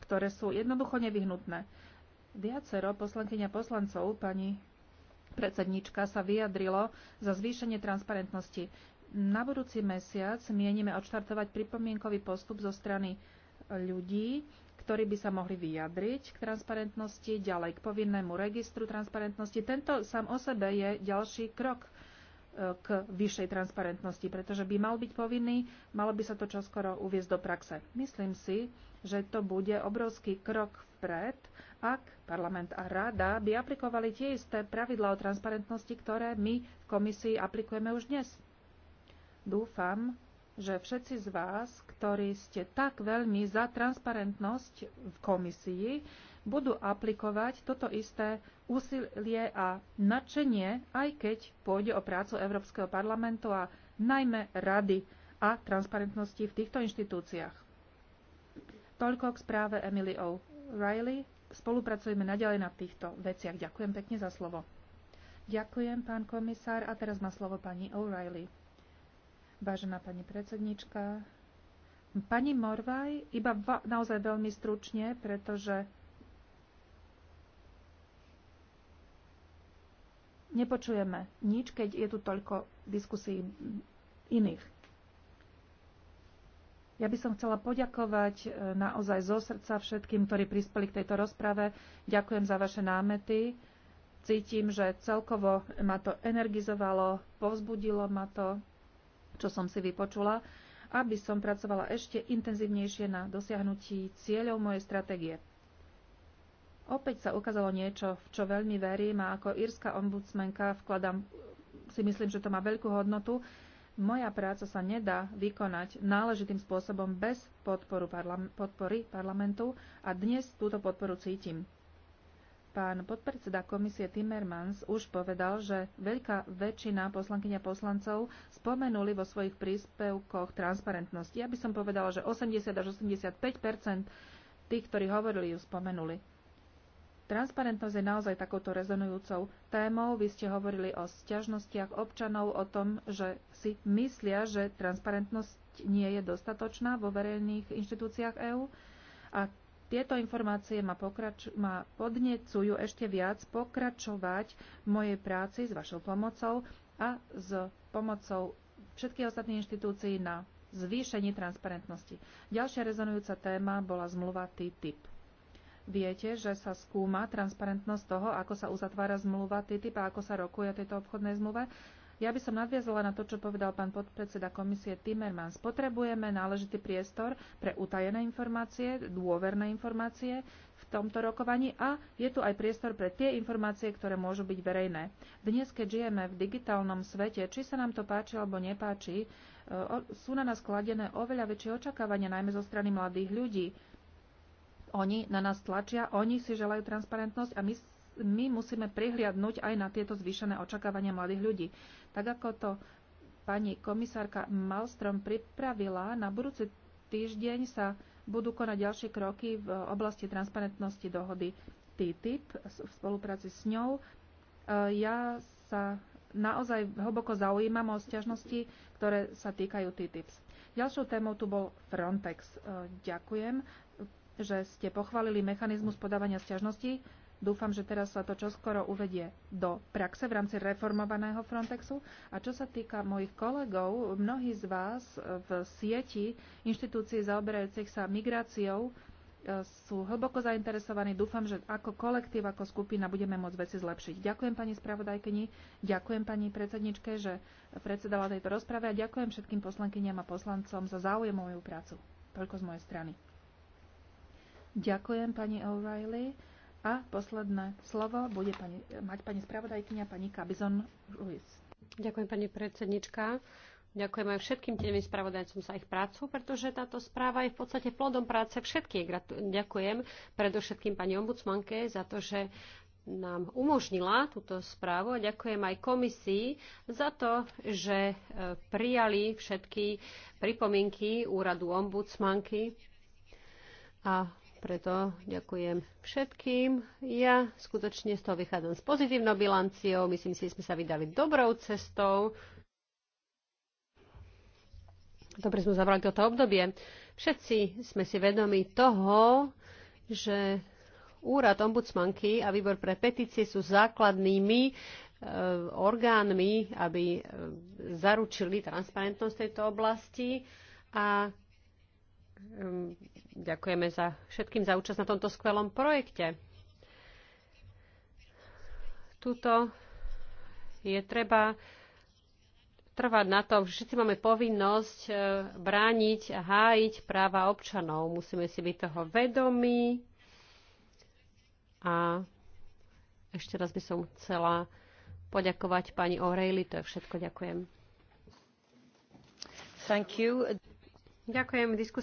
ktoré sú jednoducho nevyhnutné. Viacero poslankyňa poslancov, pani predsednička, sa vyjadrilo za zvýšenie transparentnosti. Na budúci mesiac mienime odštartovať pripomienkový postup zo strany ľudí, ktorí by sa mohli vyjadriť k transparentnosti, ďalej k povinnému registru transparentnosti. Tento sám o sebe je ďalší krok k vyššej transparentnosti, pretože by mal byť povinný, malo by sa to čoskoro uviezť do praxe. Myslím si, že to bude obrovský krok vpred, ak parlament a rada by aplikovali tie isté pravidlá o transparentnosti, ktoré my v komisii aplikujeme už dnes. Dúfam, že všetci z vás, ktorí ste tak veľmi za transparentnosť v komisii, budú aplikovať toto isté úsilie a nadšenie, aj keď pôjde o prácu Európskeho parlamentu a najmä rady a transparentnosti v týchto inštitúciách. Toľko k správe Emily O'Reilly. Spolupracujeme naďalej na týchto veciach. Ďakujem pekne za slovo. Ďakujem, pán komisár. A teraz má slovo pani O'Reilly. Vážená pani predsednička, Pani Morvaj, iba naozaj veľmi stručne, pretože nepočujeme nič, keď je tu toľko diskusí iných. Ja by som chcela poďakovať e, naozaj zo srdca všetkým, ktorí prispeli k tejto rozprave. Ďakujem za vaše námety. Cítim, že celkovo ma to energizovalo, povzbudilo ma to, čo som si vypočula, aby som pracovala ešte intenzívnejšie na dosiahnutí cieľov mojej stratégie. Opäť sa ukázalo niečo, v čo veľmi verím a ako írska ombudsmenka vkladám, si myslím, že to má veľkú hodnotu. Moja práca sa nedá vykonať náležitým spôsobom bez podporu parlam- podpory parlamentu a dnes túto podporu cítim. Pán podpredseda komisie Timmermans už povedal, že veľká väčšina poslankyňa poslancov spomenuli vo svojich príspevkoch transparentnosti. Ja by som povedala, že 80 až 85 tých, ktorí hovorili, ju spomenuli. Transparentnosť je naozaj takouto rezonujúcou témou. Vy ste hovorili o sťažnostiach občanov, o tom, že si myslia, že transparentnosť nie je dostatočná vo verejných inštitúciách EÚ. A tieto informácie ma, pokrač- ma podnecujú ešte viac pokračovať v mojej práci s vašou pomocou a s pomocou všetkých ostatných inštitúcií na zvýšení transparentnosti. Ďalšia rezonujúca téma bola zmluva TTIP. Viete, že sa skúma transparentnosť toho, ako sa uzatvára zmluva TTIP a ako sa rokuje v tejto obchodnej zmluve. Ja by som nadviazala na to, čo povedal pán podpredseda komisie Timmermans. Potrebujeme náležitý priestor pre utajené informácie, dôverné informácie v tomto rokovaní a je tu aj priestor pre tie informácie, ktoré môžu byť verejné. Dnes, keď žijeme v digitálnom svete, či sa nám to páči alebo nepáči, e, sú na nás kladené oveľa väčšie očakávania, najmä zo strany mladých ľudí oni na nás tlačia, oni si želajú transparentnosť a my, my musíme prihliadnúť aj na tieto zvýšené očakávania mladých ľudí. Tak ako to pani komisárka Malstrom pripravila, na budúci týždeň sa budú konať ďalšie kroky v oblasti transparentnosti dohody TTIP v spolupráci s ňou. E, ja sa naozaj hlboko zaujímam o stiažnosti, ktoré sa týkajú TTIPs. Ďalšou témou tu bol Frontex. E, ďakujem že ste pochválili mechanizmus podávania sťažností. Dúfam, že teraz sa to čoskoro uvedie do praxe v rámci reformovaného Frontexu. A čo sa týka mojich kolegov, mnohí z vás v sieti inštitúcií zaoberajúcich sa migráciou e, sú hlboko zainteresovaní. Dúfam, že ako kolektív, ako skupina budeme môcť veci zlepšiť. Ďakujem pani spravodajkyni, ďakujem pani predsedničke, že predsedala tejto rozprave a ďakujem všetkým poslankyniam a poslancom za záujem moju prácu. Toľko z mojej strany. Ďakujem pani O'Reilly. A posledné slovo bude pani, mať pani spravodajkynia pani Kabizon Ruiz. Ďakujem pani predsednička. Ďakujem aj všetkým tým spravodajcom za ich prácu, pretože táto správa je v podstate plodom práce všetkých. Ďakujem predovšetkým pani ombudsmanke za to, že nám umožnila túto správu a ďakujem aj komisii za to, že e, prijali všetky pripomienky úradu ombudsmanky a preto ďakujem všetkým. Ja skutočne z toho vychádzam s pozitívnou bilanciou. Myslím si, že sme sa vydali dobrou cestou. Dobre sme zavrali toto obdobie. Všetci sme si vedomi toho, že úrad ombudsmanky a výbor pre petície sú základnými e, orgánmi, aby e, zaručili transparentnosť tejto oblasti a Ehm, ďakujeme za všetkým za účasť na tomto skvelom projekte. Tuto je treba trvať na tom, že všetci máme povinnosť e, brániť a hájiť práva občanov. Musíme si byť toho vedomí. A ešte raz by som chcela poďakovať pani O'Reilly. To je všetko. Ďakujem. Thank you. Ďakujem.